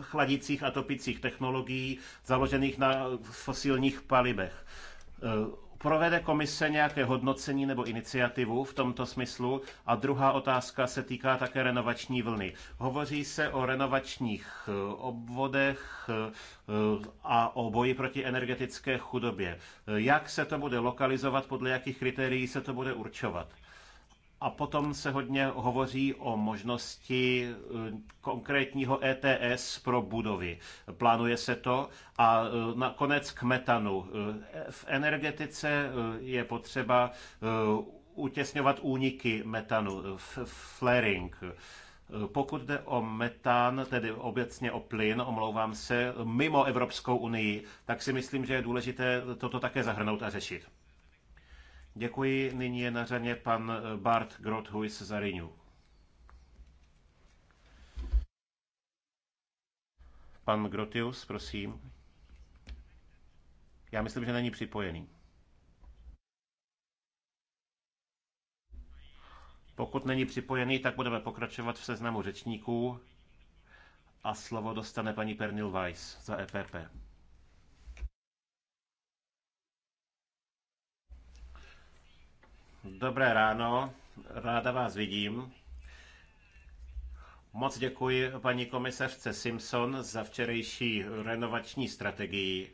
chladicích a topicích technologií založených na fosilních palivech. E, provede komise nějaké hodnocení nebo iniciativu v tomto smyslu? A druhá otázka se týká také renovační vlny. Hovoří se o renovačních e, obvodech e, a o boji proti energetické chudobě. Jak se to bude lokalizovat, podle jakých kritérií se to bude určovat? A potom se hodně hovoří o možnosti eh, konkrétního ETS pro budovy. Plánuje se to a eh, nakonec k metanu. Eh, v energetice je potřeba utěsňovat úniky metanu, flaring. Pokud jde o metán, tedy obecně o plyn, omlouvám se, mimo Evropskou unii, tak si myslím, že je důležité toto také zahrnout a řešit. Děkuji. Nyní je na řadě pan eh, Bart Grothuis z Arinu. Pan Grotius, prosím. Já myslím, že není připojený. Pokud není připojený, tak budeme pokračovat v seznamu řečníků a slovo dostane paní Pernil Weiss za EPP. Dobré ráno, ráda vás vidím. Moc děkuji paní komisařce Simpson za včerejší renovační strategii.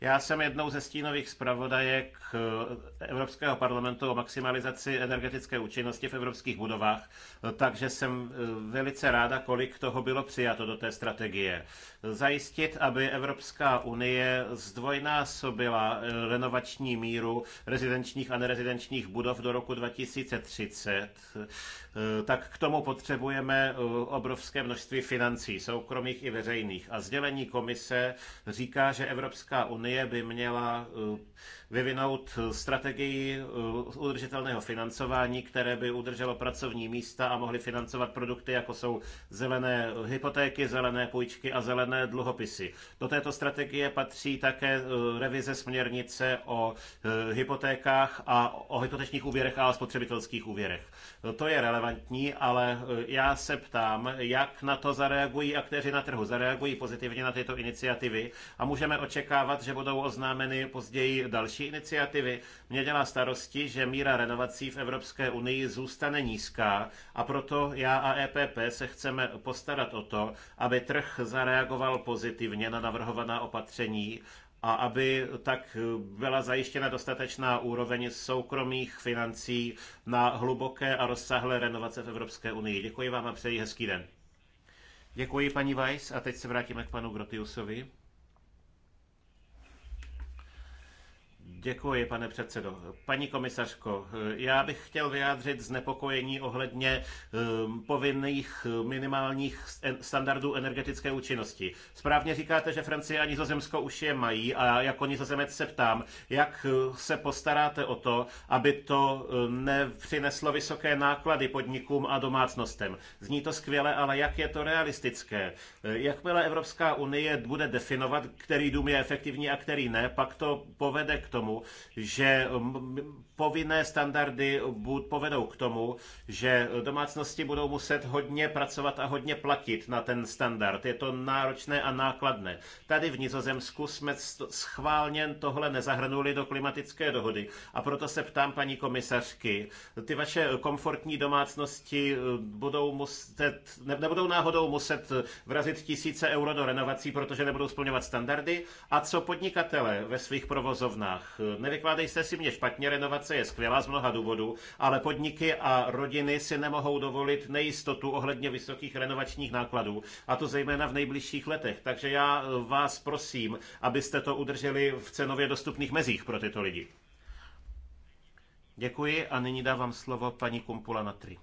Já jsem jednou ze stínových zpravodajek eh, Evropského parlamentu o maximalizaci energetické účinnosti v evropských budovách, eh, takže jsem eh, velice ráda, kolik toho bylo přijato do té strategie. Zajistit, aby Evropská unie zdvojnásobila renovační míru rezidenčních a nerezidenčních budov do roku 2030, tak k tomu potřebujeme obrovské množství financí, soukromých i veřejných. A sdělení komise říká, že Evropská unie unie by měla eh, vyvinout strategii eh, udržitelného financování, které by udrželo pracovní místa a mohly financovat produkty, jako jsou zelené hypotéky, zelené půjčky a zelené dluhopisy. Do této strategie patří také eh, revize směrnice o eh, hypotékách a o hypotečních úvěrech a o spotřebitelských úvěrech. To je relevantní, ale já se ptám, jak na to zareagují aktéři na trhu. Zareagují pozitivně na tyto iniciativy a můžeme očekávat, že budou oznámeny později další naší iniciativy mě dělá starosti, že míra renovací v Evropské unii zůstane nízká a proto já a EPP se chceme postarat o to, aby trh zareagoval pozitivně na navrhovaná opatření a aby tak byla zajištěna dostatečná úroveň soukromých financí na hluboké a rozsáhlé renovace v Evropské unii. Děkuji vám a přeji hezký den. Děkuji paní Weiss a teď se vrátíme k panu Grotiusovi. Děkuji, pane předsedo. Paní komisařko, já bych chtěl vyjádřit znepokojení ohledně ehm, povinných eh, minimálních standardů energetické účinnosti. Správně říkáte, že Francie a Nizozemsko už je mají a jako Nizozemec se ptám, jak eh, se postaráte o to, aby to eh, nepřineslo vysoké náklady podnikům a domácnostem. Zní to skvěle, ale jak je to realistické? Jakmile Evropská unie bude definovat, který dům je efektivní a který ne, pak to povede k tomu, tomu, že povinné standardy povedou k tomu, že domácnosti budou muset hodně pracovat a hodně platit na ten standard. Je to náročné a nákladné. Tady v Nizozemsku jsme schválně tohle nezahrnuli do klimatické dohody. A proto se ptám paní komisařky, ty vaše komfortní domácnosti e, budou muset, ne, nebudou náhodou muset vrazit tisíce euro do renovací, protože nebudou splňovat standardy? A co podnikatele ve svých provozovnách? tak nevykládej se si mě špatně, renovace je skvělá z mnoha důvodů, ale podniky a rodiny si nemohou dovolit nejistotu ohledně vysokých renovačních nákladů, a to zejména v nejbližších letech. Takže já eh, vás prosím, abyste to udrželi v cenově dostupných mezích pro tyto lidi. Děkuji a nyní dávám slovo paní Kumpula na 3.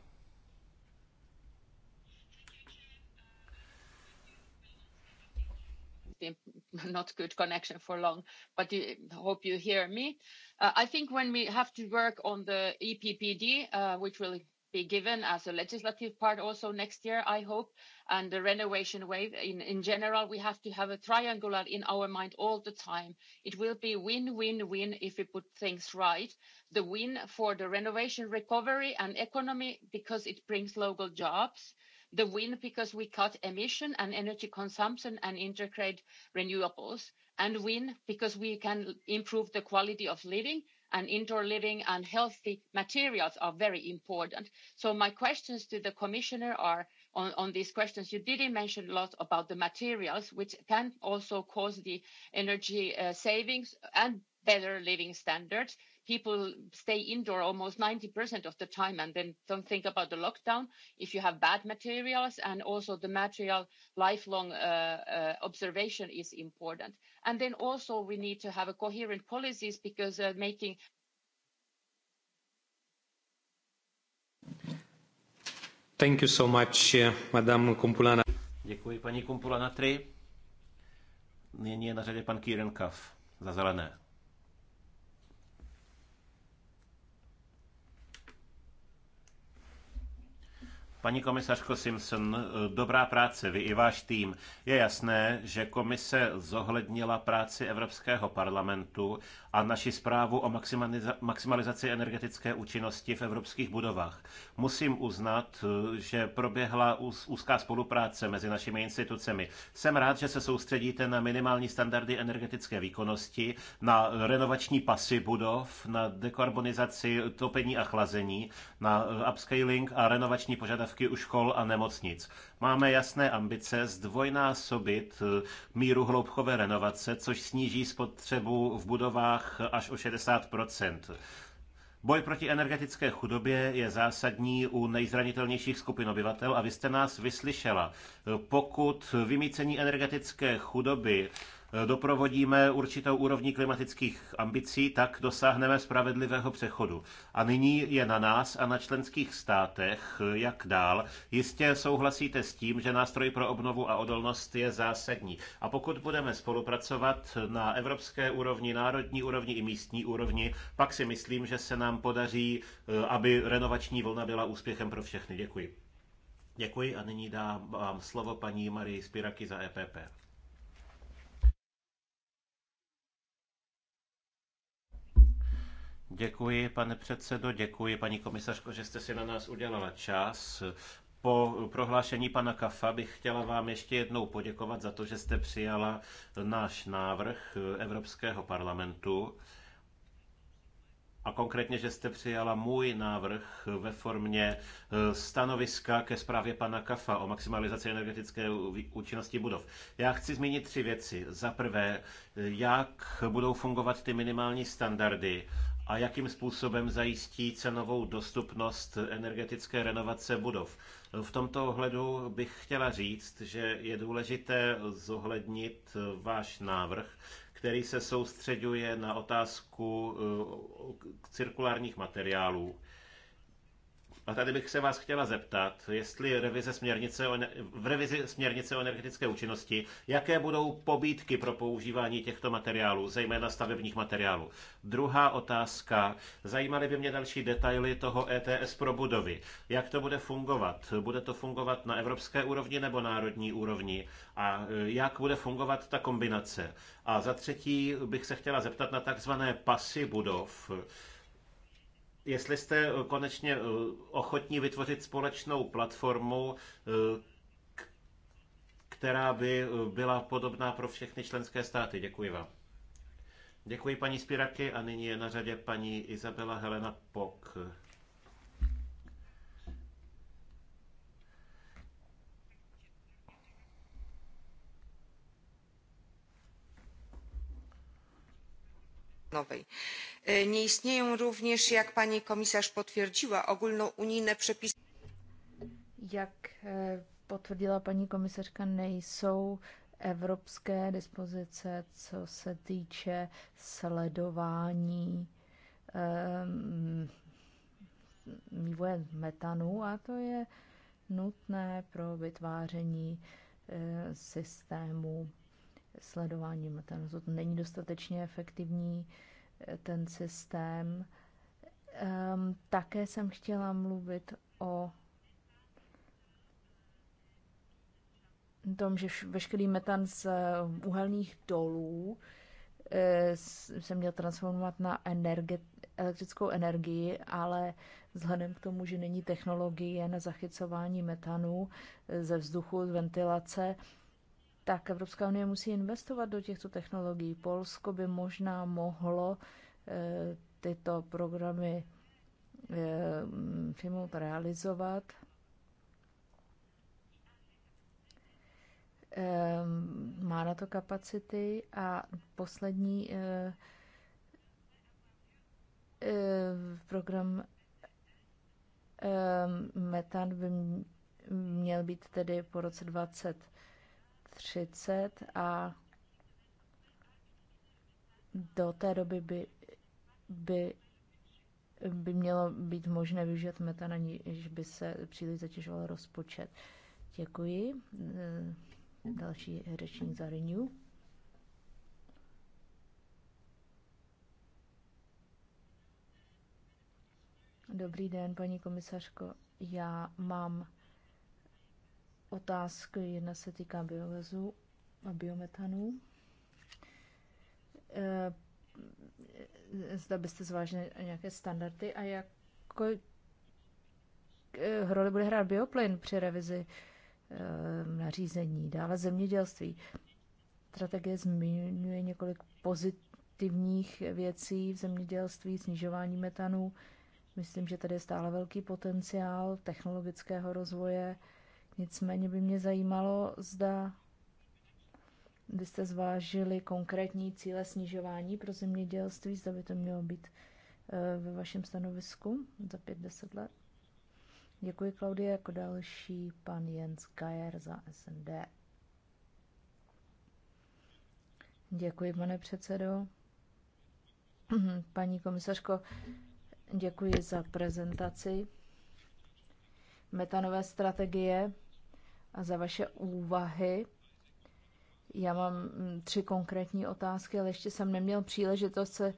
[LAUGHS] not good connection for long, but you, hope you hear me. Uh, I think when we have to work on the EPPD, uh, which will be given as a legislative part also next year, I hope, and the renovation wave in, in general, we have to have a triangular in our mind all the time. It will be win-win-win if we put things right. The win for the renovation recovery and economy because it brings local jobs, the win because we cut emission and energy consumption and integrate renewables, and win because we can improve the quality of living, and indoor living and healthy materials are very important. So my questions to the commissioner are on, on these questions. You didn't mention a lot about the materials, which can also cause the energy uh, savings and better living standards people stay indoor almost 90% of the time and then don't think about the lockdown if you have bad materials and also the material lifelong uh, uh, observation is important and then also we need to have a coherent policies because uh, making Thank you so much, uh, Madame Kumpulana. Děkuji paní Kumpulana 3. Nyní je na řadě pan Kierenkav za zelené. Paní komisařko Simpson, eh, dobrá práce, vy i váš tým. Je jasné, že komise zohlednila práci Evropského parlamentu a naši zprávu o maximalizaci energetické účinnosti v evropských budovách. Musím uznat, eh, že proběhla úzká spolupráce mezi našimi institucemi. Jsem rád, že se soustředíte na minimální standardy energetické výkonnosti, na renovační pasy budov, na dekarbonizaci topení a chlazení, na upscaling a renovační požadavky požadavky u škol a nemocnic. Máme jasné ambice zdvojnásobit eh, míru hloubkové renovace, což sníží spotřebu v budovách až o 60 Boj proti energetické chudobě je zásadní u nejzranitelnějších skupin obyvatel a vy jste nás vyslyšela. Eh, Pokud vymícení energetické chudoby doprovodíme určitou úrovní klimatických ambicí, tak dosáhneme spravedlivého přechodu. A nyní je na nás a na členských státech, jak dál. Jistě souhlasíte s tím, že nástroj pro obnovu a odolnost je zásadní. A pokud budeme spolupracovat na evropské úrovni, národní úrovni i místní úrovni, pak si myslím, že se nám podaří, eh, aby renovační vlna byla úspěchem pro všechny. Děkuji. Děkuji a nyní dám slovo paní Marii Spiraky za EPP. Děkuji, pane předsedo, děkuji, paní komisařko, že jste si na nás udělala čas. Po prohlášení pana Kafa bych chtěla vám ještě jednou poděkovat za to, že jste přijala náš návrh Evropského parlamentu a konkrétně, že jste přijala můj návrh ve formě e, stanoviska ke zprávě pana Kafa o maximalizaci energetické účinnosti budov. Já chci zmínit tři věci. Za prvé, jak budou fungovat ty minimální standardy a jakým způsobem zajistí cenovou dostupnost energetické renovace budov. V tomto ohledu bych chtěla říct, že je důležité zohlednit váš návrh, který se soustředuje na otázku eh, cirkulárních materiálů a tady bych se vás chtěla zeptat, jestli revize směrnice o, v revizi směrnice o energetické účinnosti, jaké budou pobídky pro používání těchto materiálů, zejména stavebních materiálů. Druhá otázka, zajímaly by mě další detaily toho ETS pro budovy. Jak to bude fungovat? Bude to fungovat na evropské úrovni nebo národní úrovni? A e, jak bude fungovat ta kombinace? A za třetí bych se chtěla zeptat na takzvané pasy budov. Jestli jste eh, konečně eh, ochotní vytvořit společnou platformu, eh, která by byla podobná pro všechny členské státy. Děkuji vám. Děkuji paní Spiraky a nyní je na řadě paní Izabela Helena Pok. nowej. E, nie istnieją również jak pani komisarz potwierdziła ogólnounijne przepisy jak e, potvrdila paní komisařka, nejsou evropské dispozice, co se týče sledování um, vývoje metanu a to je nutné pro vytváření uh, systému sledováním. Ten rozhod není dostatečně efektivní, eh, ten systém. Um, také jsem chtěla mluvit o tom, že veškerý metan z eh, uhelných dolů eh, se měl transformovat na energe, elektrickou energii, ale vzhledem k tomu, že není technologie na zachycování metanu ze vzduchu, z ventilace, tak Evropská unie musí investovat do těchto technologií. Polsko by možná mohlo eh, tyto programy eh, přijmout, realizovat. Eh, má na to kapacity a poslední program metan by měl být tedy po roce 20 30 a do té doby by, by, by mělo být možné využít meta, aniž by se příliš zatěžoval rozpočet. Děkuji. E, další řečník za Renew. Dobrý den, paní komisařko. Já mám otázky. Jedna se týká biogazu a biometanu. Eh, zda byste zvážili nějaké standardy a jak eh, roli bude hrát bioplyn při revizi eh, nařízení. Dále zemědělství. Strategie zmiňuje několik pozitivních věcí v zemědělství, snižování metanu. Myslím, že tady je stále velký potenciál technologického rozvoje Nicméně by mě zajímalo, zda byste zvážili konkrétní cíle snižování pro zemědělství, zda by to mělo být eh, ve vašem stanovisku za 5-10 let. Děkuji, Klaudie. Jako další pan Jens Gajer za SND. Děkuji, pane předsedo. [CLEARS THROAT] Paní komisařko, děkuji za prezentaci metanové strategie a za vaše úvahy. Já mám mm, tři konkrétní otázky, ale ještě jsem neměl příležitost se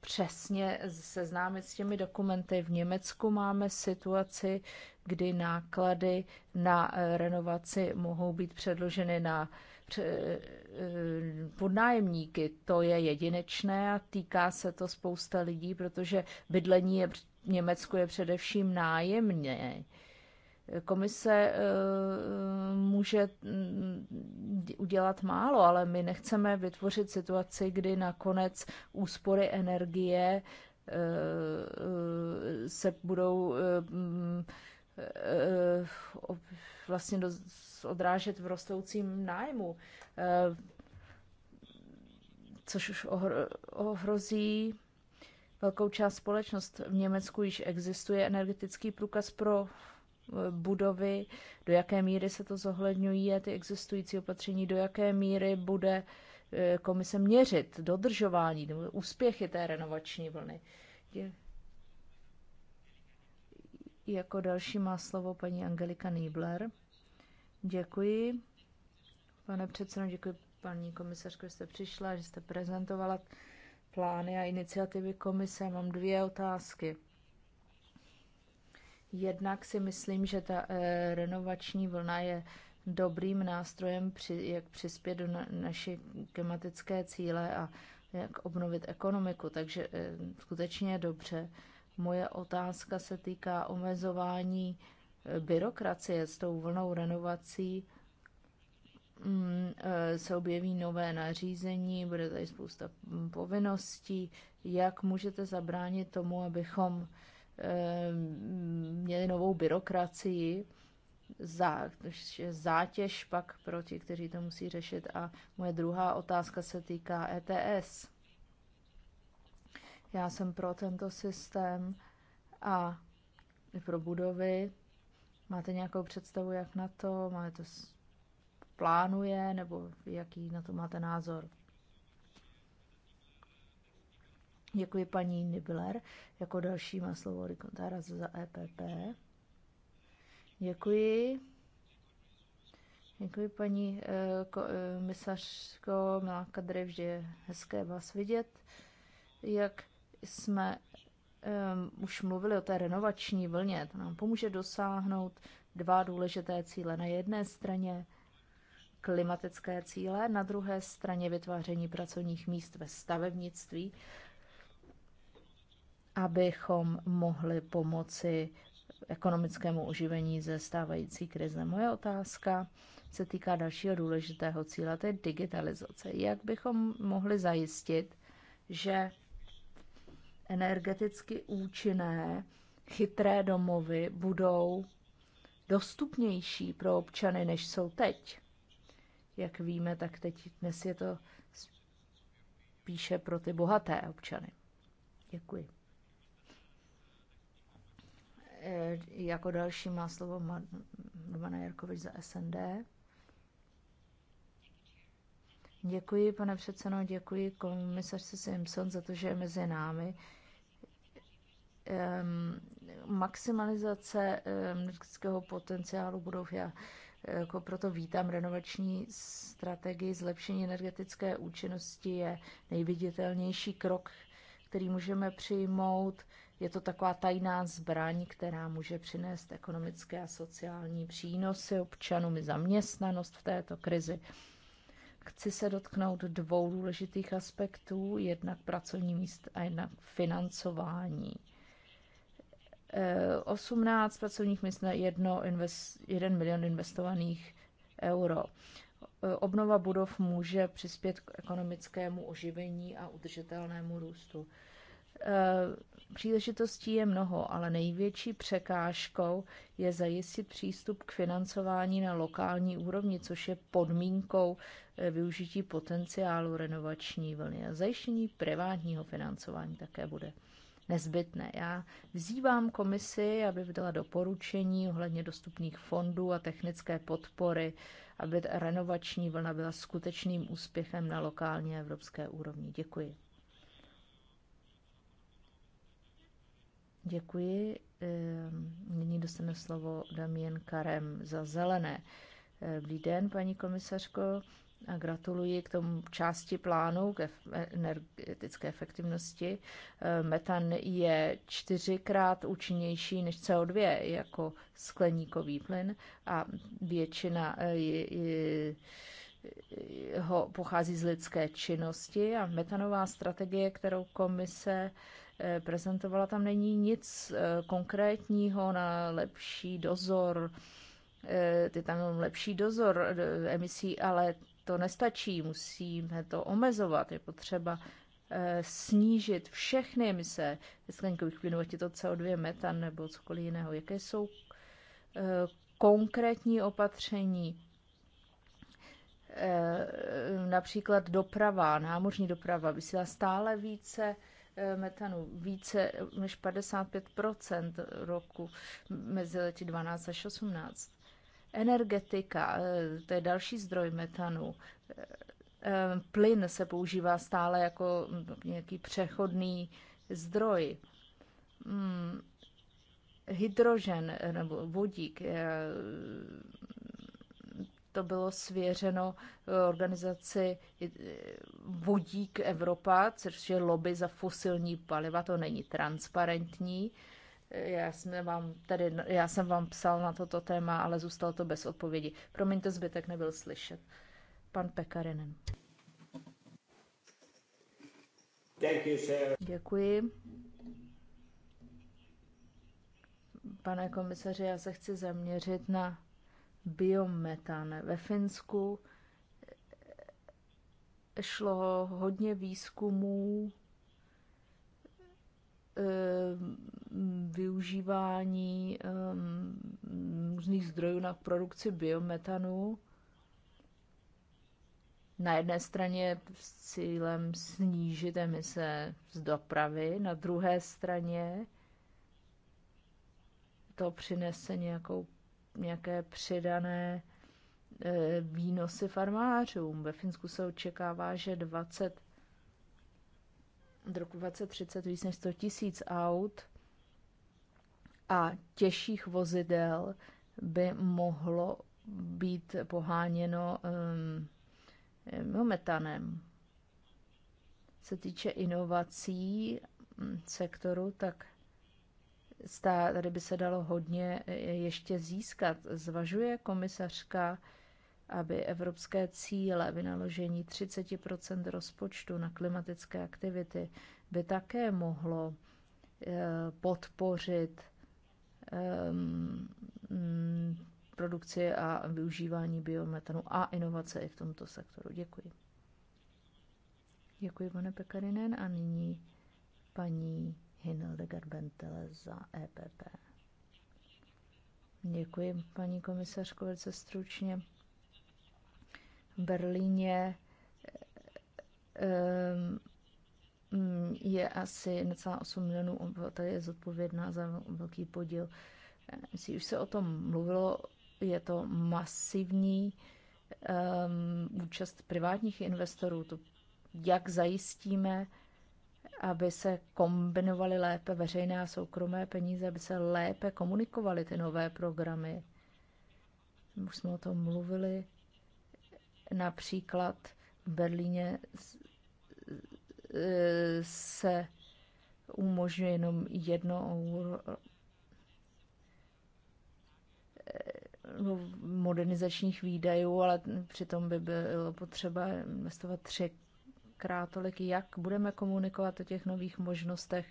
přesně seznámit s těmi dokumenty. V Německu máme situaci, kdy náklady na eh, renovaci mohou být předloženy na eh, podnájemníky. To je jedinečné a týká se to spousta lidí, protože bydlení je, v Německu je především nájemné. Komise eh, může mm, udělat málo, ale my nechceme vytvořit situaci, kdy nakonec úspory energie eh, eh, se budou mm, vlastně odrážet v rostoucím nájmu, což už ohrozí velkou část společnost. V Německu již existuje energetický průkaz pro budovy, do jaké míry se to zohledňují a ty existující opatření, do jaké míry bude eh, komise měřit dodržování nebo úspěchy té renovační vlny. Jako další má slovo paní Angelika Niebler. Děkuji. Pane předsedo, děkuji paní komisařko, že jste přišla, že jste prezentovala plány a iniciativy komise. Mám dvě otázky. Jednak si myslím, že ta eh, renovační vlna je dobrým nástrojem, při, jak přispět do na, naše klimatické cíle a jak obnovit ekonomiku. Takže e, skutečně dobře. Moje otázka se týká omezování eh, byrokracie s tou vlnou renovací. Mm, e, se objeví nové nařízení, bude tady spousta mm, povinností. Jak můžete zabránit tomu, abychom Ehm, měli novou byrokracii, zá, zátěž pak pro ti, kteří to musí řešit. A moje druhá otázka se týká ETS. Já jsem pro tento systém a i pro budovy. Máte nějakou představu, jak na to? Máte to plánuje, nebo jaký na to máte názor? Děkuji paní Nibler. Jako další má slovo Rikontára za EPP. Děkuji. Děkuji paní eh, komisařko eh, milá Drev, že je hezké vás vidět. Jak jsme um, už mluvili o té renovační vlně, to nám pomůže dosáhnout dva důležité cíle. Na jedné straně klimatické cíle, na druhé straně vytváření pracovních míst ve stavebnictví abychom mohli pomoci ekonomickému oživení ze stávající krize. Moje otázka se týká dalšího důležitého cíle, to je digitalizace. Jak bychom mohli zajistit, že energeticky účinné chytré domovy budou dostupnější pro občany, než jsou teď? Jak víme, tak teď dnes je to spíše pro ty bohaté občany. Děkuji. Eh, jako další má slovo Romana Jarkovič za SND. Děkuji, pane předsedo, děkuji komisařce Simpson za to, že je mezi námi. Um, maximalizace energetického potenciálu budov já jako proto vítám renovační strategii zlepšení energetické účinnosti je nejviditelnější krok, který můžeme přijmout je to taková tajná zbraň, která může přinést ekonomické a sociální přínosy občanům i zaměstnanost v této krizi. Chci se dotknout dvou důležitých aspektů, jednak pracovní míst a jednak financování. 18 eh, pracovních míst na jedno invest, 1 milion investovaných euro. Eh, obnova budov může přispět k ekonomickému oživení a udržitelnému růstu. Eh, příležitostí je mnoho, ale největší překážkou je zajistit přístup k financování na lokální úrovni, což je podmínkou eh, využití potenciálu renovační vlny. A zajištění privátního financování také bude nezbytné. Já vzývám komisi, aby vydala doporučení ohledně dostupných fondů a technické podpory, aby renovační vlna byla skutečným úspěchem na lokální a evropské úrovni. Děkuji. Děkuji. Ehm, nyní dostane slovo Damien Karem za zelené. Ehm, dobrý den, paní komisařko, a gratuluji k tomu části plánu k energetické efektivnosti. Ehm, metan je čtyřikrát účinnější než CO2 jako skleníkový plyn a většina e, je, je, e, ho pochází z lidské činnosti a metanová strategie, kterou komise Eh, prezentovala, tam není nic eh, konkrétního na lepší dozor, ty eh, tam lepší dozor emisí, ale to nestačí, musíme to omezovat, je potřeba snížit všechny emise skleníkových plynů, ať je to CO2, metan nebo cokoliv jiného. Jaké jsou konkrétní opatření, například doprava, námořní doprava vysílá stále více metanu, více než 55 roku mezi lety 12 až 18. Energetika, eh, to je další zdroj metanu. Eh, eh, plyn se používá stále jako nějaký přechodný zdroj. Hmm. Hydrogen nebo vodík to bylo svěřeno eh, organizaci eh, Vodík Evropa, což je lobby za fosilní paliva, to není transparentní. Eh, já jsem, vám tady, já jsem vám psal na toto téma, ale zůstalo to bez odpovědi. Promiňte, zbytek nebyl slyšet. Pan Pekarinen. Děkuji. Pane komisaři, já se chci zaměřit na biometan. Ve Finsku šlo hodně výzkumů eh, využívání eh, různých zdrojů na produkci biometanu. Na jedné straně s cílem snížit emise z dopravy, na druhé straně to přinese nějakou nějaké přidané eh, výnosy farmářům. Ve Finsku se očekává, že 20 do roku 2030 víc než 100 tisíc aut a těžších vozidel by mohlo být poháněno um, metanem. Se týče inovací mm, sektoru, tak stá, tady by se dalo hodně e, ještě získat. Zvažuje komisařka, aby evropské cíle vynaložení 30 rozpočtu na klimatické aktivity by také mohlo e, podpořit produkci a využívání biometanu a inovace i v tomto sektoru. Děkuji. Děkuji, pane Pekarinen. A nyní paní Hildegard Bentele za EPP. Děkuji, paní komisařko, velice stručně. V Berlíně ehm, mm, je asi necelá 8 milionů obyvatel, je zodpovědná za velký podíl. Myslím, už se o tom mluvilo, je to masivní um, účast privátních investorů. To, jak zajistíme aby se kombinovaly lépe veřejné a soukromé peníze, aby se lépe komunikovaly ty nové programy. Už jsme o tom mluvili. Například v Berlíně se umožňuje jenom jedno euro no, modernizačních výdajů, ale přitom by bylo potřeba investovat tři tolik, jak budeme komunikovat o těch nových možnostech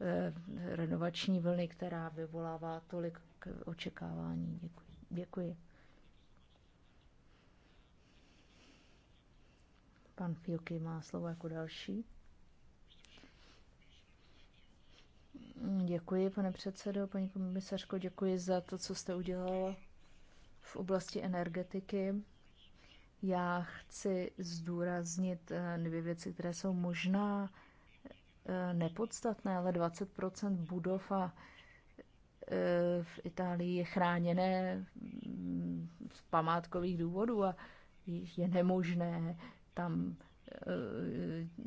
eh, renovační vlny, která vyvolává tolik očekávání. Děkuji. Děkuji. Pan Fioky má slovo jako další. Děkuji, pane předsedo, paní komisařko, děkuji za to, co jste udělala v oblasti energetiky. Já chci zdůraznit eh, dvě věci, které jsou možná eh, nepodstatné, ale 20 budov a eh, v Itálii je chráněné mm, z památkových důvodů a je nemožné tam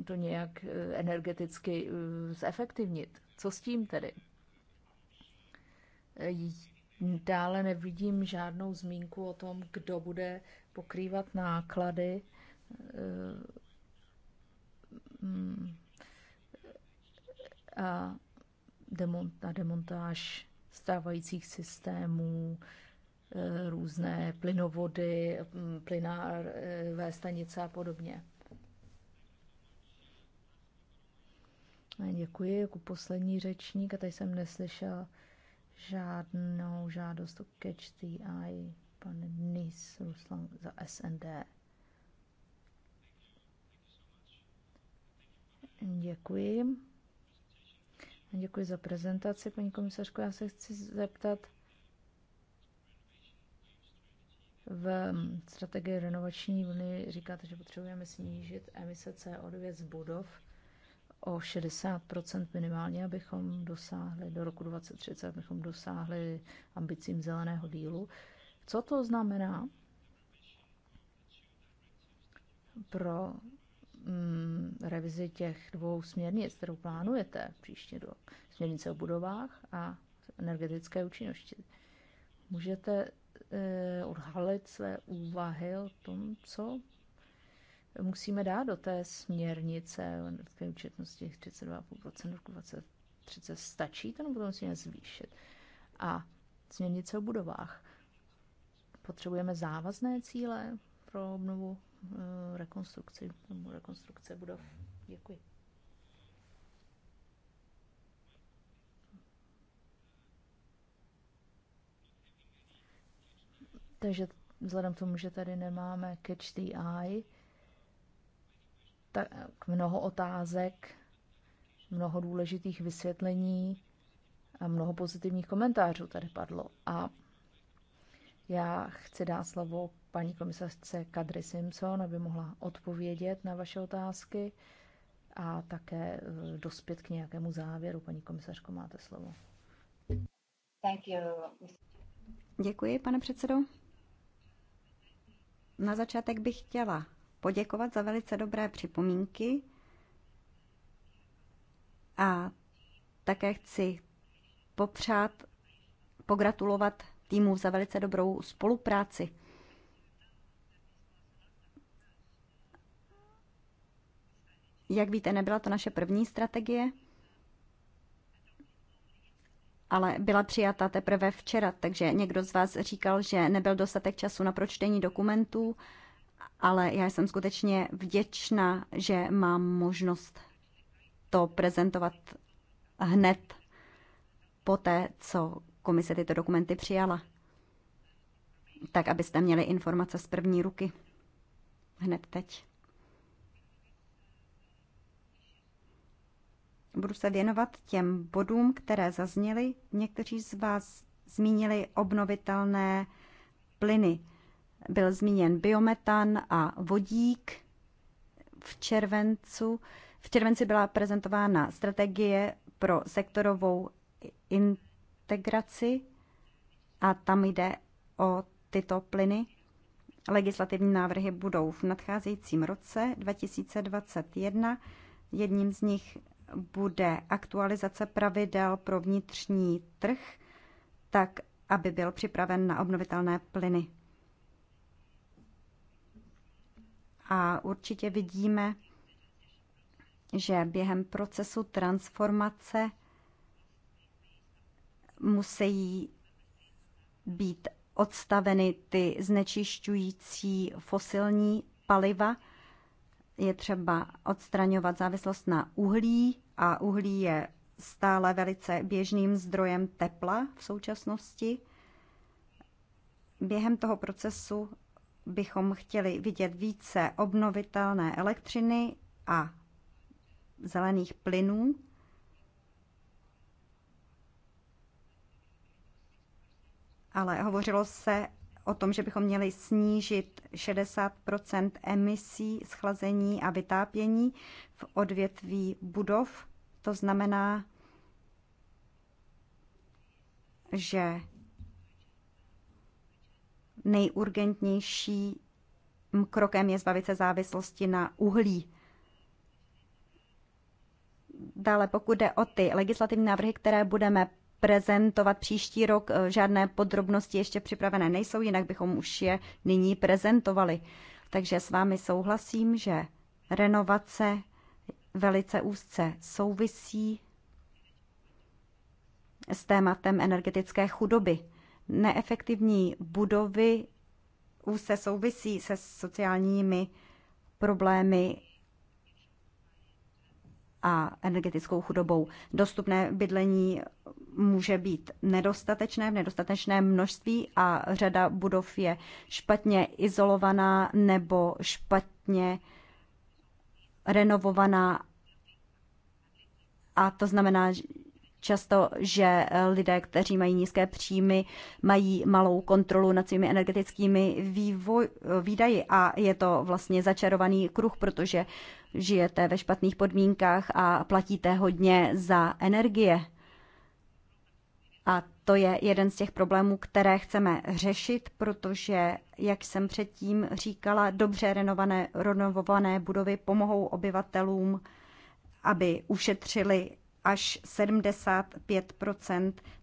to nějak energeticky zefektivnit. Co s tím tedy? Dále nevidím žádnou zmínku o tom, kdo bude pokrývat náklady eh, mm, a na demontáž stávajících systémů, eh, různé plynovody, mm, plynárové stanice a podobně. Děkuji jako poslední řečník a tady jsem neslyšel žádnou žádost o catch the eye pan Nis Ruslan za SND. Děkuji. Děkuji za prezentaci, paní komisařko. Já se chci zeptat v strategii renovační vlny říkáte, že potřebujeme snížit emise CO2 z budov o 60 minimálně, abychom dosáhli do roku 2030, abychom dosáhli ambicím zeleného dílu. Co to znamená pro mm, revizi těch dvou směrnic, kterou plánujete příští rok? Směrnice o budovách a energetické účinnosti. Můžete e, odhalit své úvahy o tom, co musíme dát do té směrnice v účetnosti 32,5% roku 2030. Stačí to, nebo to musíme zvýšit? A směrnice o budovách. Potřebujeme závazné cíle pro obnovu eh, rekonstrukci, rekonstrukce budov. Děkuji. Takže vzhledem k tomu, že tady nemáme catch the eye, tak mnoho otázek, mnoho důležitých vysvětlení a mnoho pozitivních komentářů tady padlo. A já chci dát slovo paní komisařce Kadry Simpson, aby mohla odpovědět na vaše otázky a také eh, dospět k nějakému závěru. Paní komisařko, máte slovo. Thank you. Děkuji, pane předsedo. Na začátek bych chtěla poděkovat za velice dobré připomínky a také chci popřát, pogratulovat Týmu za velice dobrou spolupráci. Jak víte, nebyla to naše první strategie, ale byla přijata teprve včera, takže někdo z vás říkal, že nebyl dostatek času na pročtení dokumentů, ale já jsem skutečně vděčná, že mám možnost to prezentovat hned po té, co komise tyto dokumenty přijala, tak abyste měli informace z první ruky hned teď. Budu se věnovat těm bodům, které zazněly. Někteří z vás zmínili obnovitelné plyny. Byl zmíněn biometan a vodík. V, červencu, v červenci byla prezentována strategie pro sektorovou in, integraci a tam jde o tyto plyny. Legislativní návrhy budou v nadcházejícím roce 2021. Jedním z nich bude aktualizace pravidel pro vnitřní trh, tak aby byl připraven na obnovitelné plyny. A určitě vidíme, že během procesu transformace musí být odstaveny ty znečišťující fosilní paliva. Je třeba odstraňovat závislost na uhlí a uhlí je stále velice běžným zdrojem tepla v současnosti. Během toho procesu bychom chtěli vidět více obnovitelné elektřiny a zelených plynů. ale hovořilo se o tom, že bychom měli snížit 60 emisí schlazení a vytápění v odvětví budov. To znamená, že nejurgentnějším krokem je zbavit se závislosti na uhlí. Dále, pokud jde o ty legislativní návrhy, které budeme prezentovat příští rok. Eh, žádné podrobnosti ještě připravené nejsou, jinak bychom už je nyní prezentovali. Takže s vámi souhlasím, že renovace velice úzce souvisí s tématem energetické chudoby. Neefektivní budovy úzce souvisí se sociálními problémy a energetickou chudobou. Dostupné bydlení může být nedostatečné v nedostatečné množství a řada budov je špatně izolovaná nebo špatně renovovaná. A to znamená, často, že eh, lidé, kteří mají nízké příjmy, mají malou kontrolu nad svými energetickými vývoj, eh, výdaji a je to vlastně začarovaný kruh, protože žijete ve špatných podmínkách a platíte hodně za energie. A to je jeden z těch problémů, které chceme řešit, protože, jak jsem předtím říkala, dobře renovované, renovované budovy pomohou obyvatelům, aby ušetřili až 75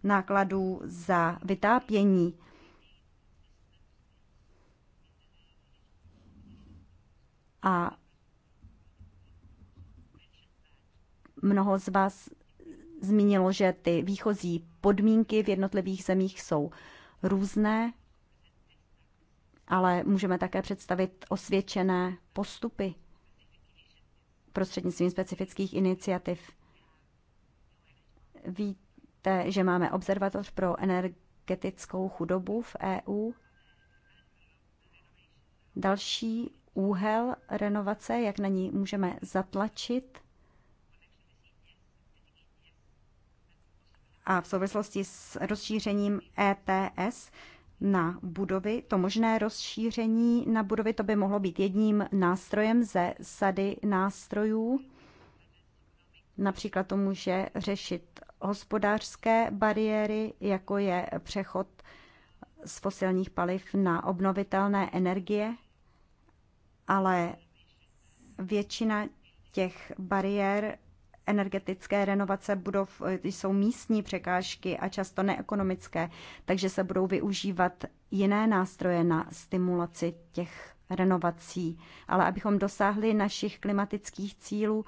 nákladů za vytápění. A mnoho z vás zmínilo, že ty výchozí podmínky v jednotlivých zemích jsou různé, ale můžeme také představit osvědčené postupy prostřednictvím specifických iniciativ. Víte, že máme observatoř pro energetickou chudobu v EU. Další úhel renovace, jak na ní můžeme zatlačit. A v souvislosti s rozšířením ETS na budovy, to možné rozšíření na budovy, to by mohlo být jedním nástrojem ze sady nástrojů. Například to může řešit hospodářské bariéry, jako je přechod z fosilních paliv na obnovitelné energie, ale většina těch bariér energetické renovace budov jsou místní překážky a často neekonomické, takže se budou využívat jiné nástroje na stimulaci těch renovací. Ale abychom dosáhli našich klimatických cílů,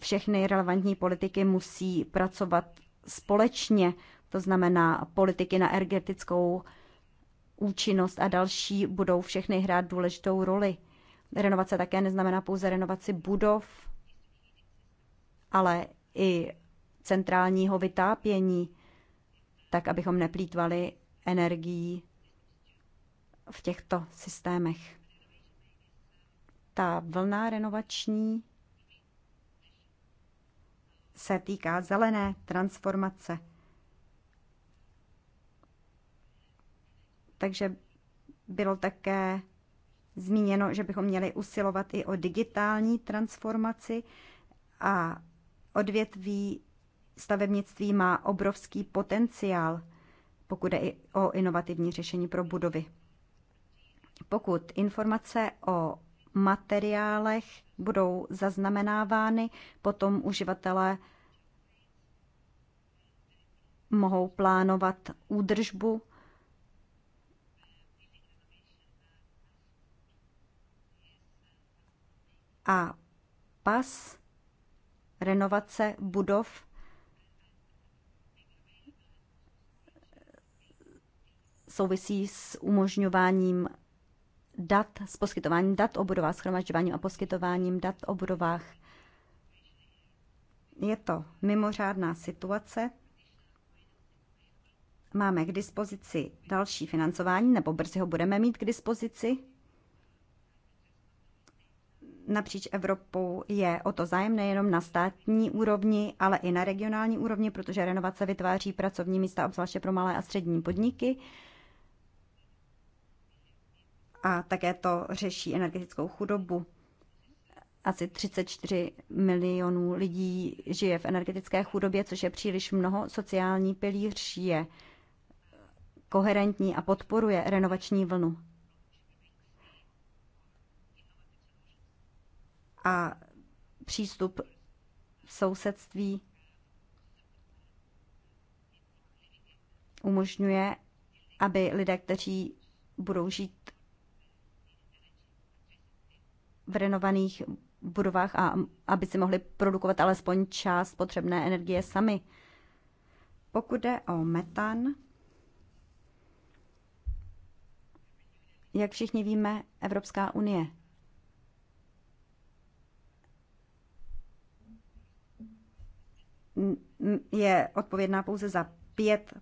všechny relevantní politiky musí pracovat společně, to znamená politiky na energetickou účinnost a další, budou všechny hrát důležitou roli. Renovace také neznamená pouze renovaci budov, ale i centrálního vytápění, tak abychom neplýtvali energií v těchto systémech. Ta vlna renovační se týká zelené transformace. Takže bylo také zmíněno, že bychom měli usilovat i o digitální transformaci a odvětví stavebnictví má obrovský potenciál, pokud je i o inovativní řešení pro budovy. Pokud informace o materiálech budou zaznamenávány, potom uživatelé mohou plánovat údržbu a pas renovace budov souvisí s umožňováním dat, s poskytováním dat o budovách, schromažďováním a poskytováním dat o budovách. Je to mimořádná situace. Máme k dispozici další financování, nebo brzy ho budeme mít k dispozici. Napříč Evropou je o to zájem nejenom na státní úrovni, ale i na regionální úrovni, protože renovace vytváří pracovní místa, obzvláště pro malé a střední podniky a také to řeší energetickou chudobu. Asi 34 milionů lidí žije v energetické chudobě, což je příliš mnoho. Sociální pilíř je koherentní a podporuje renovační vlnu. A přístup v sousedství umožňuje, aby lidé, kteří budou žít v renovaných budovách a aby si mohli produkovat alespoň část potřebné energie sami. Pokud jde o metan, jak všichni víme, Evropská unie je odpovědná pouze za 5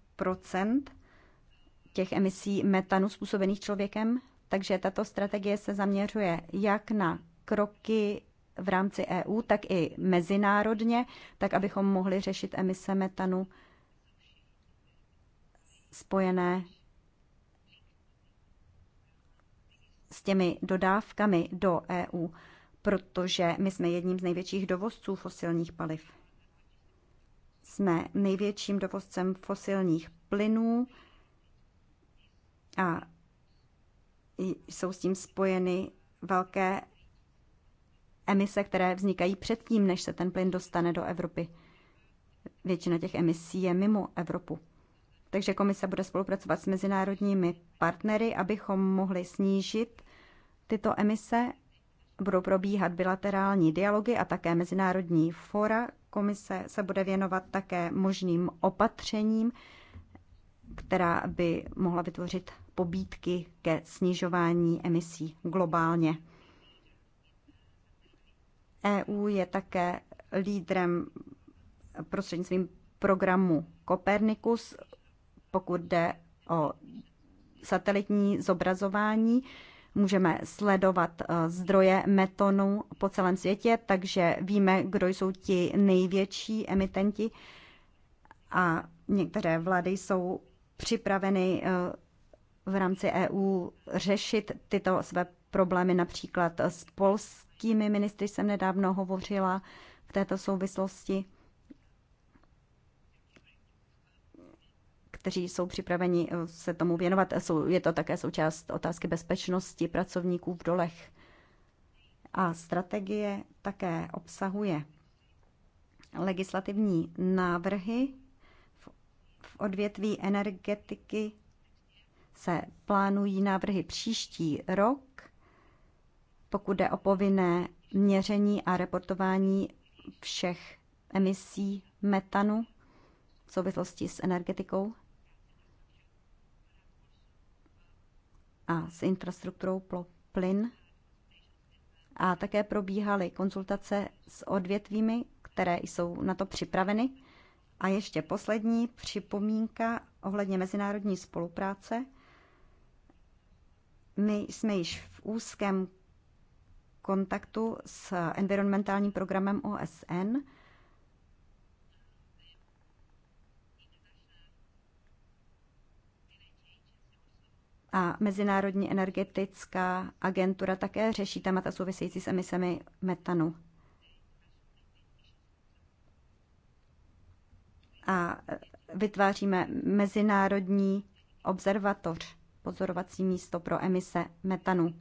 těch emisí metanu způsobených člověkem takže tato strategie se zaměřuje jak na kroky v rámci EU, tak i mezinárodně, tak abychom mohli řešit emise metanu spojené s těmi dodávkami do EU, protože my jsme jedním z největších dovozců fosilních paliv. Jsme největším dovozcem fosilních plynů a jsou s tím spojeny velké emise, které vznikají předtím, než se ten plyn dostane do Evropy. Většina těch emisí je mimo Evropu. Takže komise bude spolupracovat s mezinárodními partnery, abychom mohli snížit tyto emise. Budou probíhat bilaterální dialogy a také mezinárodní fora. Komise se bude věnovat také možným opatřením, která by mohla vytvořit pobídky ke snižování emisí globálně. EU je také lídrem prostřednictvím programu Copernicus, pokud jde o satelitní zobrazování. Můžeme sledovat eh, zdroje metonu po celém světě, takže víme, kdo jsou ti největší emitenti. A některé vlády jsou připraveny eh, v rámci EU řešit tyto své problémy. Například s polskými ministry jsem nedávno hovořila v této souvislosti, kteří jsou připraveni se tomu věnovat. Je to také součást otázky bezpečnosti pracovníků v dolech. A strategie také obsahuje legislativní návrhy v odvětví energetiky se plánují návrhy příští rok, pokud jde o povinné měření a reportování všech emisí metanu v souvislosti s energetikou a s infrastrukturou pro plyn. A také probíhaly konzultace s odvětvími, které jsou na to připraveny. A ještě poslední připomínka ohledně mezinárodní spolupráce – my jsme již v úzkém kontaktu s environmentálním programem OSN. A Mezinárodní energetická agentura také řeší témata související s emisemi metanu. A e, vytváříme mezinárodní observatoř pozorovací místo pro emise metanu.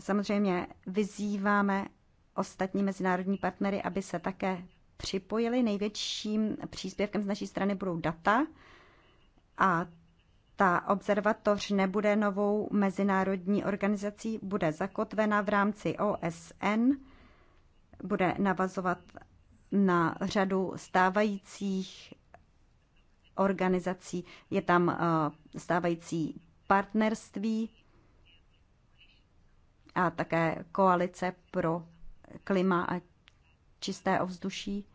Samozřejmě vyzýváme ostatní mezinárodní partnery, aby se také připojili. Největším příspěvkem z naší strany budou data a ta observatoř nebude novou mezinárodní organizací, bude zakotvena v rámci OSN, bude navazovat na řadu stávajících organizací. Je tam eh, stávající partnerství a také koalice pro klima a čisté ovzduší.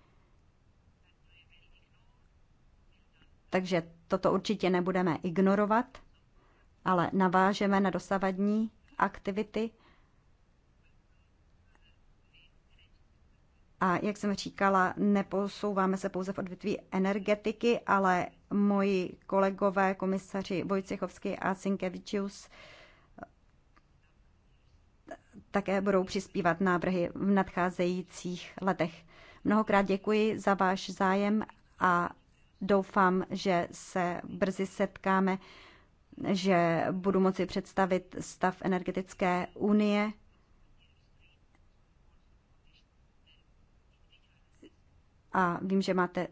Takže toto určitě nebudeme ignorovat, ale navážeme na dosavadní aktivity A jak jsem říkala, neposouváme se pouze v odvětví energetiky, ale moji kolegové, komisaři Vojcechovský a Sinkevičius, také budou přispívat návrhy v nadcházejících letech. Mnohokrát děkuji za váš zájem a doufám, že se brzy setkáme, že budu moci představit stav energetické unie a vím, že máte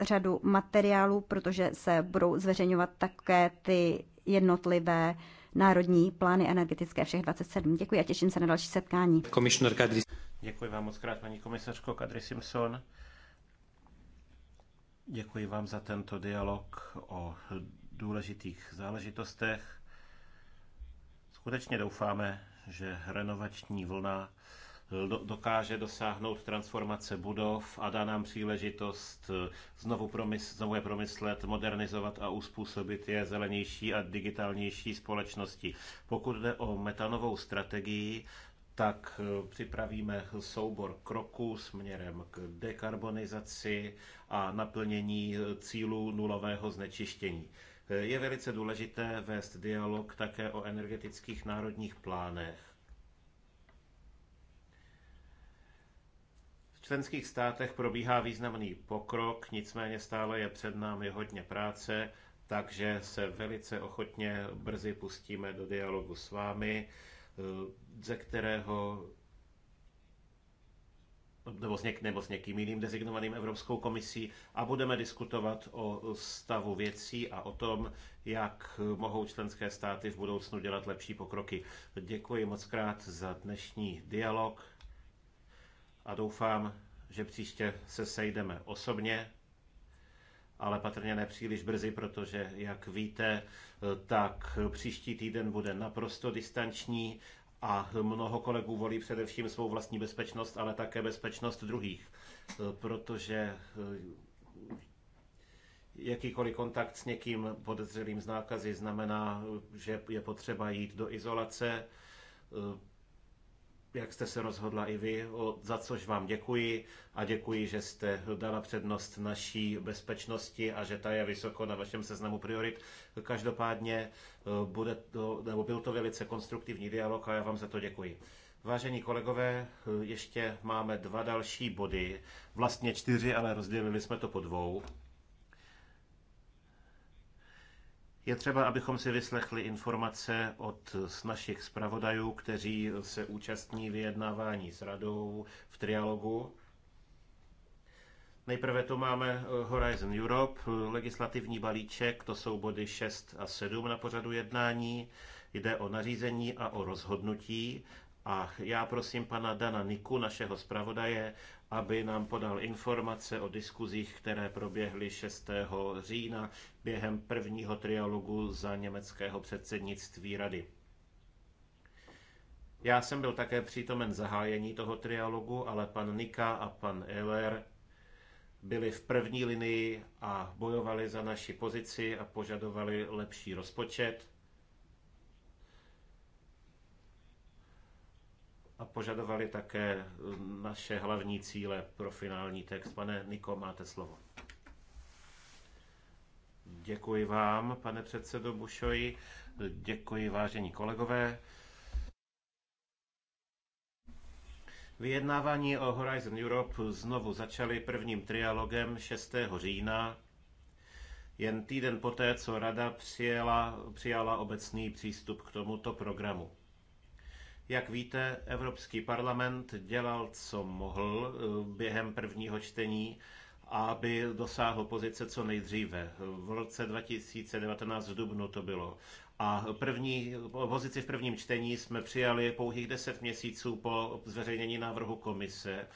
řadu materiálů, protože se budou zveřejňovat také ty jednotlivé národní plány energetické všech 27. Děkuji a těším se na další setkání. Komisioner Kadri. Děkuji vám moc krát, paní komisařko Kadri Simpson. Děkuji vám za tento dialog o důležitých záležitostech. Skutečně doufáme, že renovační vlna dokáže dosáhnout transformace budov a dá nám příležitost eh, znovu, promys- znovu je promyslet, modernizovat a uspůsobit je zelenější a digitálnější společnosti. Pokud jde o metanovou strategii, tak eh, připravíme soubor kroků směrem k dekarbonizaci a naplnění eh, cílů nulového znečištění. Je velice důležité vést dialog také o energetických národních plánech členských státech probíhá významný pokrok, nicméně stále je před námi hodně práce, takže se velice ochotně brzy pustíme do dialogu s vámi, eh, ze kterého nebo s, něk, nebo s někým jiným designovaným Evropskou komisí a budeme diskutovat o stavu věcí a o tom, jak mohou členské státy v budoucnu dělat lepší pokroky. Děkuji moc krát za dnešní dialog a doufám, že příště se sejdeme osobně, ale patrně nepříliš brzy, protože, jak víte, tak příští týden bude naprosto distanční a mnoho kolegů volí především svou vlastní bezpečnost, ale také bezpečnost druhých, protože eh, jakýkoliv kontakt s někým podezřelým z nákazy znamená, že je potřeba jít do izolace, eh, jak jste se rozhodla i vy, za což vám děkuji a děkuji, že jste dala přednost naší bezpečnosti a že ta je vysoko na vašem seznamu priorit. Každopádně e, bude to, nebo byl to velice konstruktivní dialog a já vám za to děkuji. Vážení kolegové, e, ještě máme dva další body, vlastně čtyři, ale rozdělili jsme to po dvou. Je třeba, abychom si vyslechli informace od našich zpravodajů, kteří se účastní vyjednávání s radou v trialogu. Nejprve tu máme eh, Horizon Europe, legislativní balíček, to jsou body 6 a 7 na pořadu jednání. Jde o nařízení a o rozhodnutí. A já prosím pana Dana Niku, našeho zpravodaje, aby nám podal informace o diskuzích, které proběhly 6. října během prvního trialogu za německého předsednictví rady. Já jsem byl také přítomen zahájení toho trialogu, ale pan Nika a pan Eller byli v první linii a bojovali za naši pozici a požadovali lepší rozpočet a požadovali také naše hlavní cíle pro finální text. Pane Niko, máte slovo. Děkuji vám, pane předsedo Bušoji. Děkuji, vážení kolegové. Vyjednávání o Horizon Europe znovu začaly prvním trialogem 6. října, jen týden poté, co Rada přijela, přijala obecný přístup k tomuto programu. Jak víte, Evropský parlament dělal, co mohl eh, během prvního čtení aby dosáhl pozice co nejdříve. V roce 2019 v Dubnu to bylo. A první, pozici v prvním čtení jsme přijali pouhých 10 měsíců po zveřejnění návrhu komise,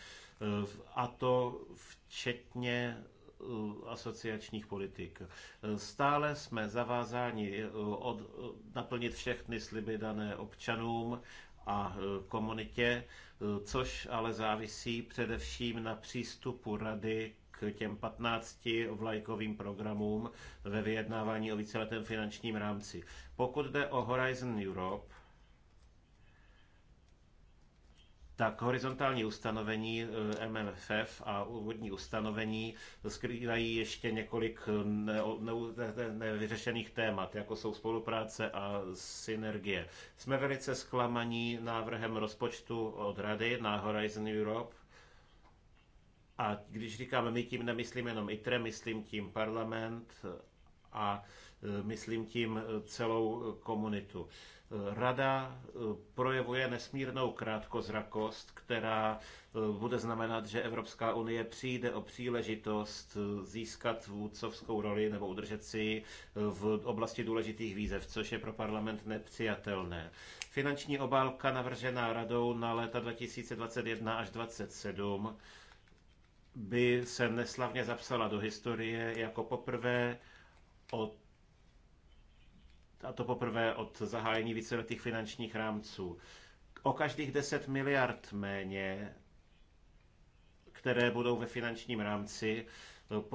a to včetně eh, asociačních politik. Stále jsme zavázáni eh, od, naplnit všechny sliby dané občanům a eh, komunitě, což ale závisí především na přístupu rady k těm 15 vlajkovým programům ve vyjednávání o víceletém finančním rámci. Pokud jde o Horizon Europe, tak horizontální ustanovení eh, MMFF a úvodní ustanovení skrývají ještě několik eh, nevyřešených témat, jako jsou spolupráce a synergie. Jsme velice zklamaní návrhem rozpočtu od Rady na Horizon Europe, a když říkám, my tím, nemyslím jenom ITRE, myslím tím parlament a e, myslím tím e, celou e, komunitu. Rada projevuje nesmírnou krátkozrakost, která bude znamenat, že Evropská unie přijde o příležitost získat vůdcovskou roli nebo udržet si v oblasti důležitých výzev, což je pro parlament nepřijatelné. Finanční obálka navržená radou na léta 2021 až 2027 by se neslavně zapsala do historie jako poprvé od a to poprvé od zahájení víceletých finančních rámců. O každých 10 miliard méně, které budou ve finančním rámci,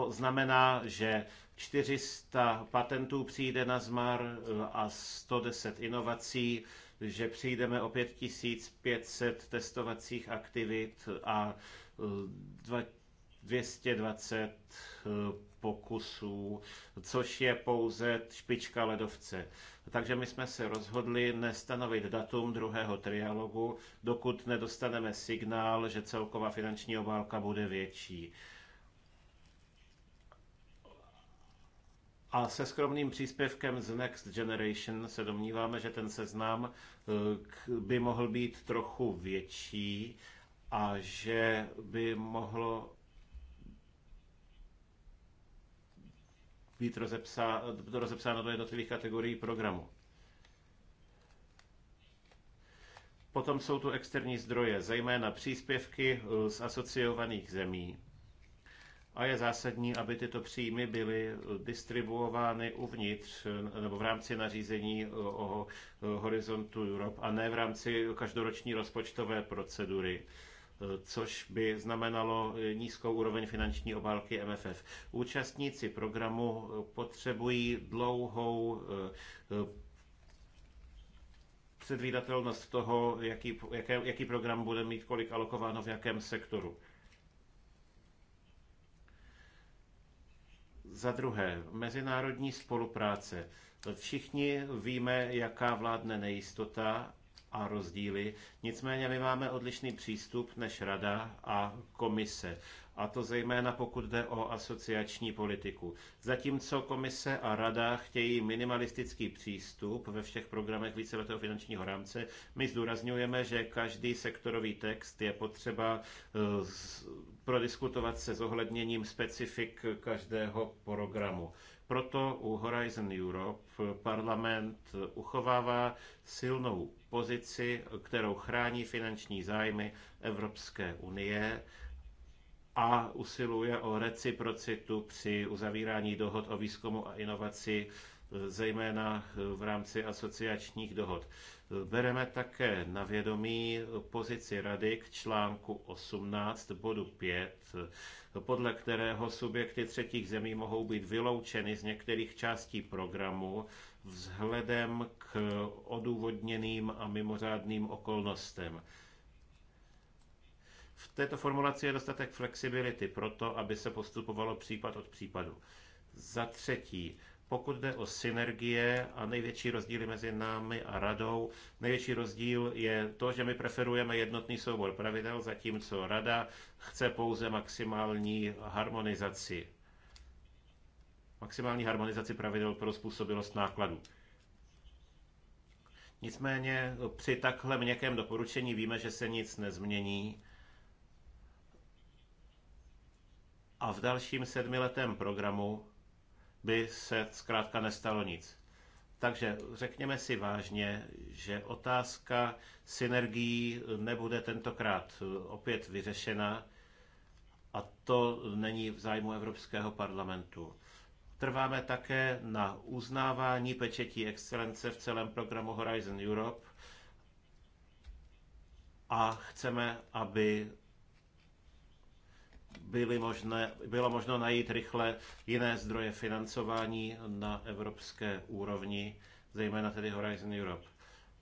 znamená, že 400 patentů přijde na zmar eh, a 110 inovací, že přijdeme o 5500 testovacích aktivit a eh, 220 eh, pokusů, což je pouze špička ledovce. Takže my jsme se rozhodli nestanovit datum druhého trialogu, dokud nedostaneme signál, že celková finanční obálka bude větší. A se skromným příspěvkem z Next Generation se domníváme, že ten seznam eh, by mohl být trochu větší a že by mohlo být rozepsá, rozepsáno do jednotlivých kategorií programu. Potom jsou tu externí zdroje, zejména příspěvky z asociovaných zemí. A je zásadní, aby tyto příjmy byly distribuovány uvnitř nebo v rámci nařízení o horizontu Europe a ne v rámci každoroční rozpočtové procedury což by znamenalo nízkou úroveň finanční obálky MFF. Účastníci programu potřebují dlouhou eh, předvídatelnost toho, jaký, jaké, jaký program bude mít kolik alokováno v jakém sektoru. Za druhé, mezinárodní spolupráce. Všichni víme, jaká vládne nejistota a rozdíly. Nicméně my máme odlišný přístup než Rada a Komise. A to zejména pokud jde o asociační politiku. Zatímco Komise a Rada chtějí minimalistický přístup ve všech programech víceletého finančního rámce, my zdůrazňujeme, že každý sektorový text je potřeba eh, prodiskutovat se zohledněním specifik každého programu. Proto u Horizon Europe parlament uchovává silnou pozici, kterou chrání finanční zájmy Evropské unie a usiluje o reciprocitu při uzavírání dohod o výzkumu a inovaci, zejména v rámci asociačních dohod. Bereme také na vědomí pozici Rady k článku 18 bodu 5, podle kterého subjekty třetích zemí mohou být vyloučeny z některých částí programu, vzhledem k odůvodněným a mimořádným okolnostem. V této formulaci je dostatek flexibility pro to, aby se postupovalo případ od případu. Za třetí, pokud jde o synergie a největší rozdíly mezi námi a radou, největší rozdíl je to, že my preferujeme jednotný soubor pravidel, zatímco rada chce pouze maximální harmonizaci maximální harmonizaci pravidel pro způsobilost nákladů. Nicméně při takhle měkkém doporučení víme, že se nic nezmění. A v dalším sedmiletém programu by se zkrátka nestalo nic. Takže řekněme si vážně, že otázka synergií nebude tentokrát opět vyřešena a to není v zájmu Evropského parlamentu. Trváme také na uznávání pečetí excelence v celém programu Horizon Europe a chceme, aby byly možné, bylo možno najít rychle jiné zdroje financování na evropské úrovni, zejména tedy Horizon Europe.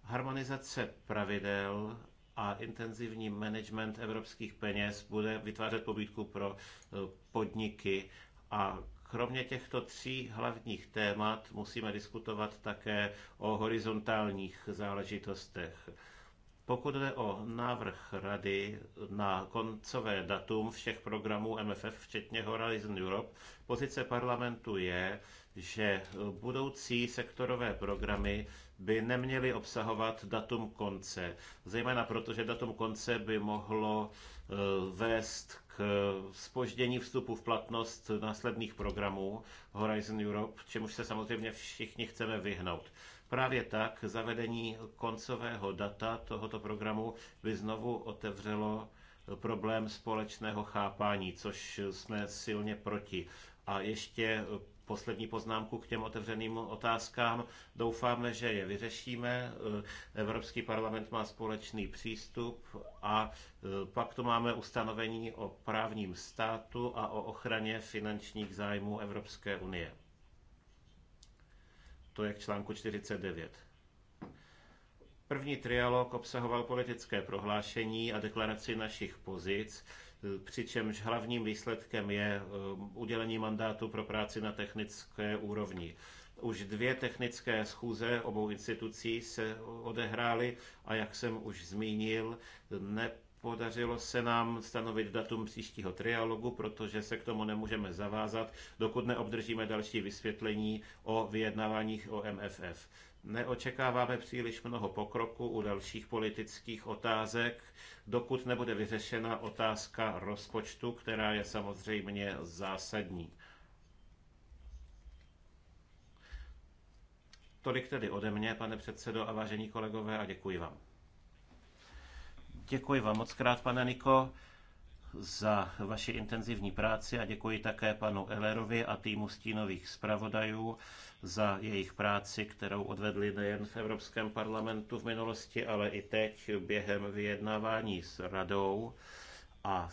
Harmonizace pravidel a intenzivní management evropských peněz bude vytvářet pobídku pro eh, podniky a Kromě těchto tří hlavních témat musíme diskutovat také o horizontálních záležitostech. Pokud jde o návrh rady na koncové datum všech programů MFF, včetně Horizon Europe, pozice parlamentu je, že budoucí sektorové programy by neměly obsahovat datum konce, zejména proto, že datum konce by mohlo e, vést k spoždění vstupu v platnost následných programů Horizon Europe, čemuž se samozřejmě všichni chceme vyhnout. Právě tak zavedení koncového data tohoto programu by znovu otevřelo problém společného chápání, což jsme silně proti. A ještě poslední poznámku k těm otevřeným otázkám. Doufáme, že je vyřešíme. Evropský parlament má společný přístup a e, pak tu máme ustanovení o právním státu a o ochraně finančních zájmů Evropské unie. To je k článku 49. První trialog obsahoval politické prohlášení a deklaraci našich pozic přičemž hlavním výsledkem je eh, udělení mandátu pro práci na technické úrovni. Už dvě technické schůze obou institucí se odehrály a jak jsem už zmínil, ne Podařilo se nám stanovit datum příštího trialogu, protože se k tomu nemůžeme zavázat, dokud neobdržíme další vysvětlení o vyjednáváních o MFF neočekáváme příliš mnoho pokroku u dalších politických otázek, dokud nebude vyřešena otázka rozpočtu, která je samozřejmě zásadní. Tolik tedy ode mě, pane předsedo a vážení kolegové, a děkuji vám. Děkuji vám moc krát, pane Niko, za vaši intenzivní práci a děkuji také panu Ellerovi a týmu stínových zpravodajů za jejich práci, kterou odvedli nejen v Evropském parlamentu v minulosti, ale i teď během vyjednávání s radou. A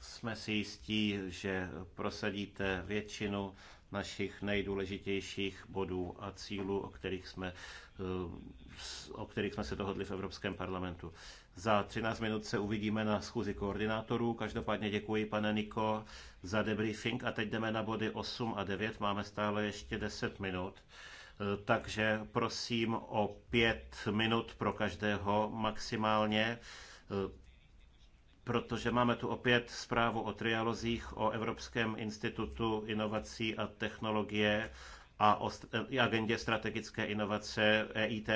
jsme si jistí, že prosadíte většinu našich nejdůležitějších bodů a cílů, o kterých jsme, eh, o kterých jsme se dohodli v Evropském parlamentu. Za 13 minut se uvidíme na schůzi koordinátorů. Každopádně děkuji, pane Niko, za debriefing. A teď jdeme na body 8 a 9. Máme stále ještě 10 minut. Eh, takže prosím o 5 minut pro každého maximálně eh, protože máme tu opět zprávu o trialozích o Evropském institutu inovací a technologie a o agendě strategické inovace EIT,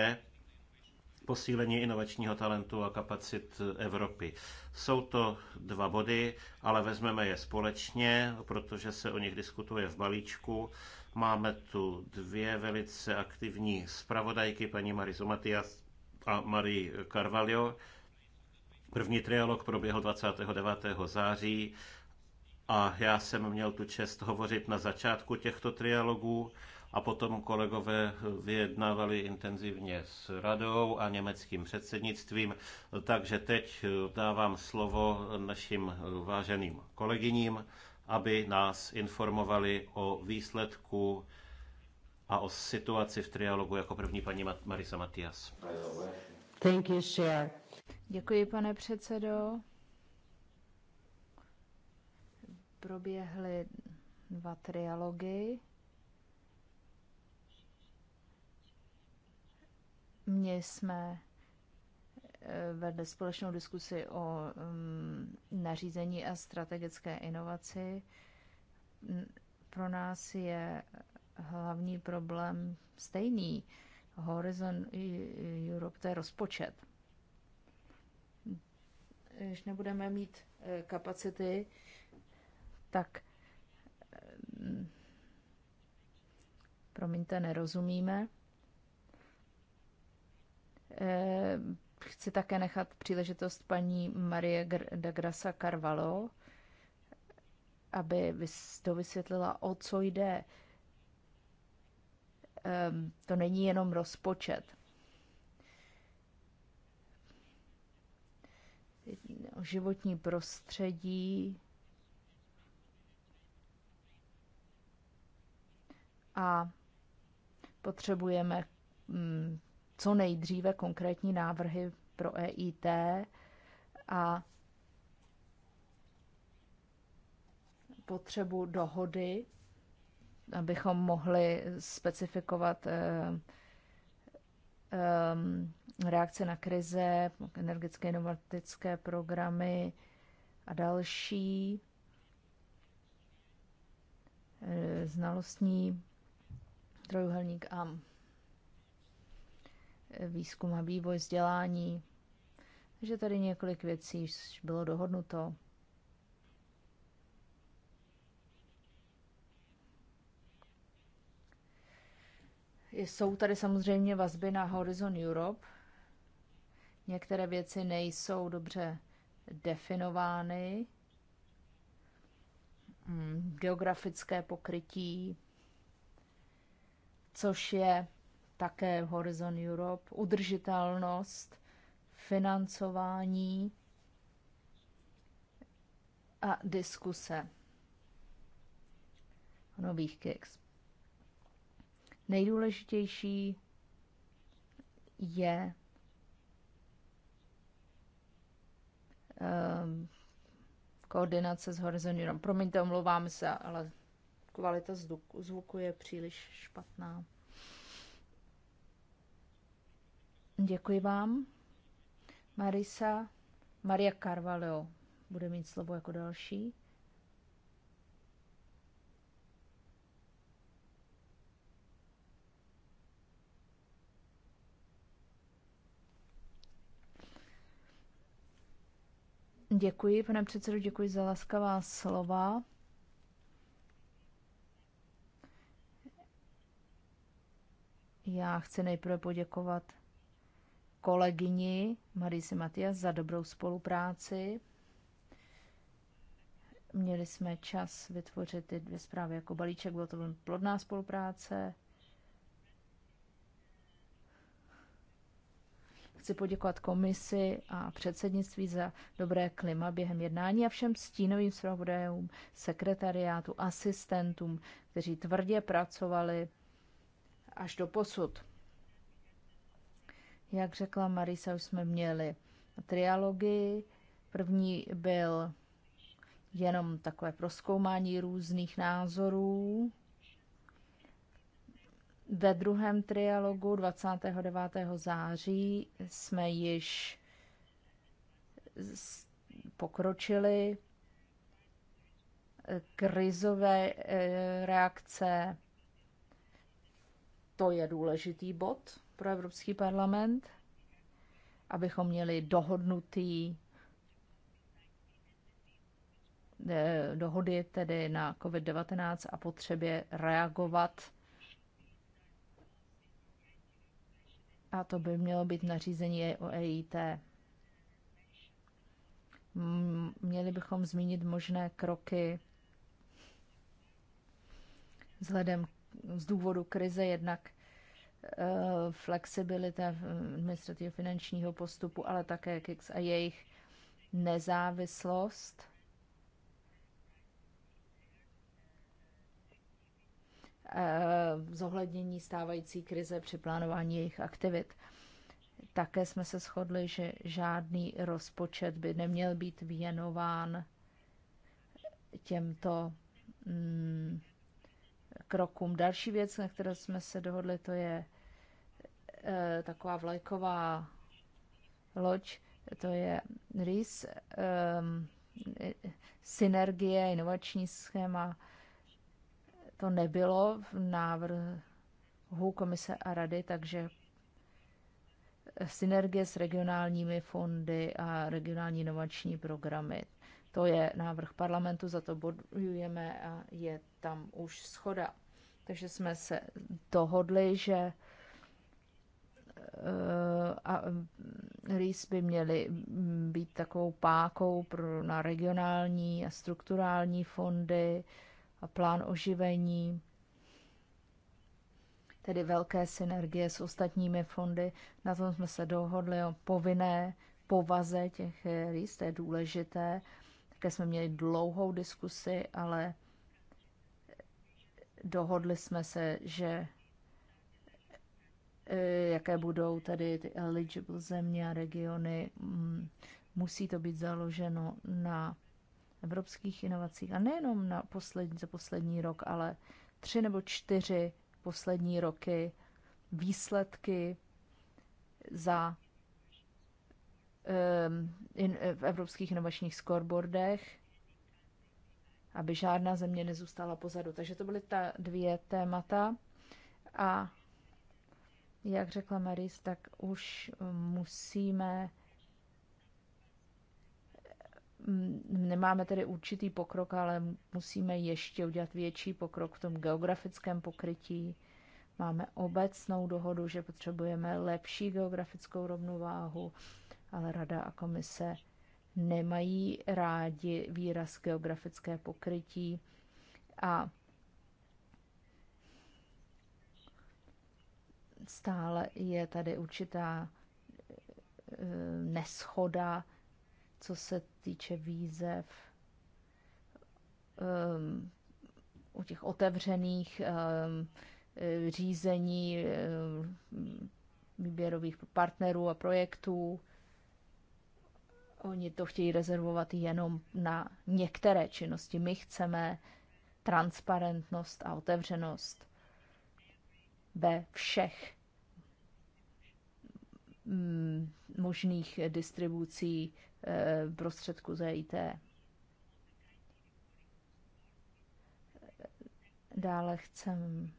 posílení inovačního talentu a kapacit Evropy. Jsou to dva body, ale vezmeme je společně, protože se o nich diskutuje v balíčku. Máme tu dvě velice aktivní zpravodajky, paní Marizu Matias a Marie Carvalho. První trialog proběhl 29. září a já jsem měl tu čest hovořit na začátku těchto trialogů a potom kolegové vyjednávali intenzivně s radou a německým předsednictvím. Takže teď dávám slovo našim váženým kolegyním, aby nás informovali o výsledku a o situaci v trialogu jako první paní Marisa Matias. Thank you, Chair. Děkuji, pane předsedo. Proběhly dva trialogy. My jsme eh, vedli společnou diskusi o mm, nařízení a strategické inovaci. Pro nás je hlavní problém stejný. Horizon Europe to je rozpočet když nebudeme mít e, kapacity, tak e, promiňte, nerozumíme. E, chci také nechat příležitost paní Marie da Grasa Carvalho, aby to vysvětlila, o co jde. To není jenom rozpočet. o životní prostředí a potřebujeme mm, co nejdříve konkrétní návrhy pro EIT a potřebu dohody, abychom mohli specifikovat eh, um, reakce na krize, energetické inovatické programy a další eh, znalostní trojuhelník a eh, výzkum a vývoj vzdělání. Takže tady několik věcí bylo dohodnuto. Jsou tady samozřejmě vazby na Horizon Europe. Některé věci nejsou dobře definovány. Hmm, geografické pokrytí, což je také Horizon Europe, udržitelnost, financování a diskuse o nových KICS. Nejdůležitější je um, koordinace s horizontem. Promiňte, omlouvám se, ale kvalita zvuku, zvuku je příliš špatná. Děkuji vám. Marisa Maria Carvalho bude mít slovo jako další. Děkuji, pane předsedo, děkuji za laskavá slova. Já chci nejprve poděkovat kolegyni Marisi Matias za dobrou spolupráci. Měli jsme čas vytvořit ty dvě zprávy jako balíček, byla to velmi plodná spolupráce. Chci poděkovat komisi a předsednictví za dobré klima během jednání a všem stínovým zpravodajům, sekretariátu, asistentům, kteří tvrdě pracovali až do posud. Jak řekla Marisa, už jsme měli trialogy. První byl jenom takové proskoumání různých názorů ve druhém trialogu 29. září jsme již pokročili krizové eh, reakce. To je důležitý bod pro Evropský parlament, abychom měli dohodnutý eh, dohody tedy na COVID-19 a potřebě reagovat A to by mělo být nařízení o EIT. Měli bychom zmínit možné kroky vzhledem z důvodu krize jednak e, flexibilita administrativně finančního postupu, ale také KIX a jejich nezávislost – Eh, zohlednění stávající krize při plánování jejich aktivit. Také jsme se shodli, že žádný rozpočet by neměl být věnován těmto mm, krokům. Další věc, na které jsme se dohodli, to je e, taková vlajková loď, to je RIS, e, synergie, inovační schéma, e, to nebylo v návrhu komise a rady, takže synergie s regionálními fondy a regionální inovační programy. To je návrh parlamentu, za to bodujeme a je tam už schoda. Takže jsme se dohodli, že eh, a RIS by měly být takovou pákou pro, na regionální a strukturální fondy, a plán oživení, tedy velké synergie s ostatními fondy. Na tom jsme se dohodli o povinné povaze těch RIS, to je důležité. Také jsme měli dlouhou diskusi, ale dohodli jsme se, že eh, jaké budou tady ty eligible země a regiony. Mm, musí to být založeno na evropských inovacích. A nejenom na poslední, za poslední rok, ale tři nebo čtyři poslední roky výsledky za um, in, e, v evropských inovačních scoreboardech, aby žádná země nezůstala pozadu. Takže to byly ta dvě témata. A jak řekla Maris, tak už musíme nemáme tedy určitý pokrok, ale musíme ještě udělat větší pokrok v tom geografickém pokrytí. Máme obecnou dohodu, že potřebujeme lepší geografickou rovnováhu, ale Rada a komise nemají rádi výraz geografické pokrytí a stále je tady určitá e, neschoda co se týče výzev um, u těch otevřených um, řízení um, výběrových partnerů a projektů. Oni to chtějí rezervovat jenom na některé činnosti. My chceme transparentnost a otevřenost ve všech možných distribucí Eh, prostředku ZIT. E Dále chcem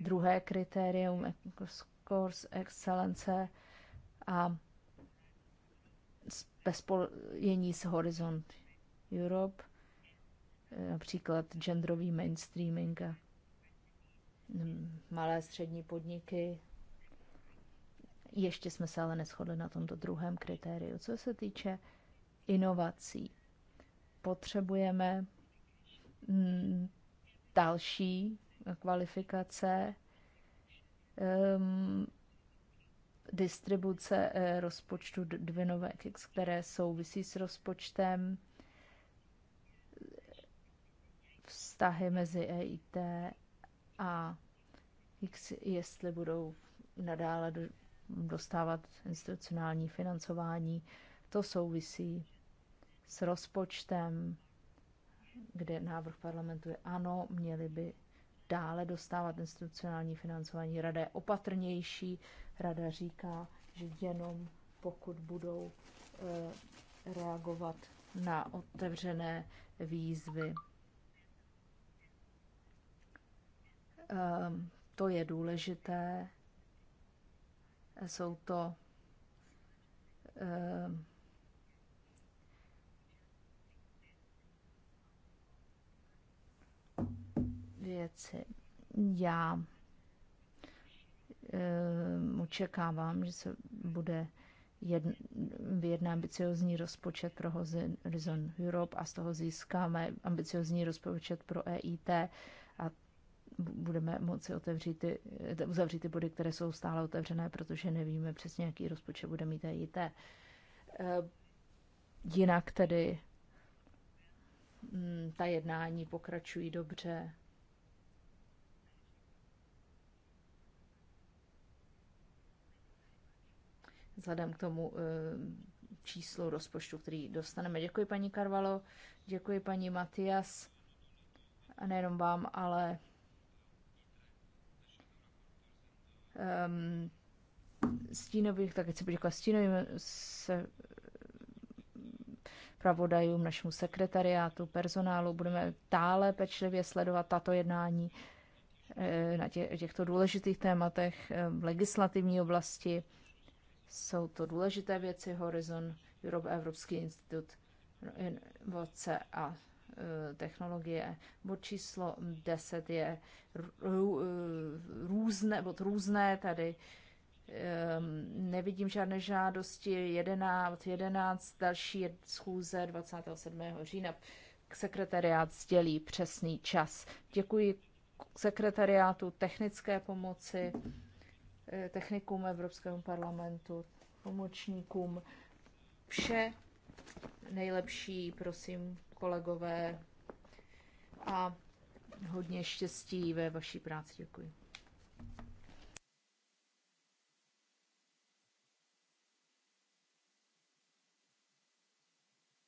druhé kritérium, jako scores excelence a bezpojení s Horizont Europe, eh, například genderový mainstreaming a hm, malé střední podniky. Ještě jsme se ale neschodli na tomto druhém kritériu. Co se týče inovací. Potřebujeme mm, další kvalifikace, um, distribuce eh, rozpočtu dvinovek, které souvisí s rozpočtem, vztahy mezi EIT a X, jestli budou nadále dostávat institucionální financování, to souvisí s rozpočtem, kde návrh parlamentu je ano, měli by dále dostávat institucionální financování. Rada je opatrnější, rada říká, že jenom pokud budou eh, reagovat na otevřené výzvy. Ehm, to je důležité. Jsou to ehm, věci. Já um, očekávám, že se bude jedna vyjedná ambiciozní rozpočet pro Horizon Europe a z toho získáme ambiciozní rozpočet pro EIT a budeme moci otevřít ty, eh, uzavřít ty body, které jsou stále otevřené, protože nevíme přesně, jaký rozpočet bude mít EIT. Eh, jinak tedy hm, ta jednání pokračují dobře. vzhledem k tomu eh, číslu rozpočtu, který dostaneme. Děkuji paní Karvalo, děkuji paní Matias a nejenom vám, ale um, stínových, také chci poděkovat stínovým se pravodajům, našemu sekretariátu, personálu. Budeme dále pečlivě sledovat tato jednání eh, na těchto důležitých tématech eh, v legislativní oblasti. Jsou to důležité věci, Horizon Europe, Evropský institut inovace a e, technologie. Bod číslo 10 je e, různé, bod různé tady ehm, nevidím žádné žádosti. 11, 11 další je schůze 27. října. Sekretariát sdělí přesný čas. Děkuji sekretariátu technické pomoci. Eh, technikům Evropského parlamentu, pomočníkům. Vše nejlepší, prosím, kolegové, a hodně štěstí ve vaší práci. Děkuji.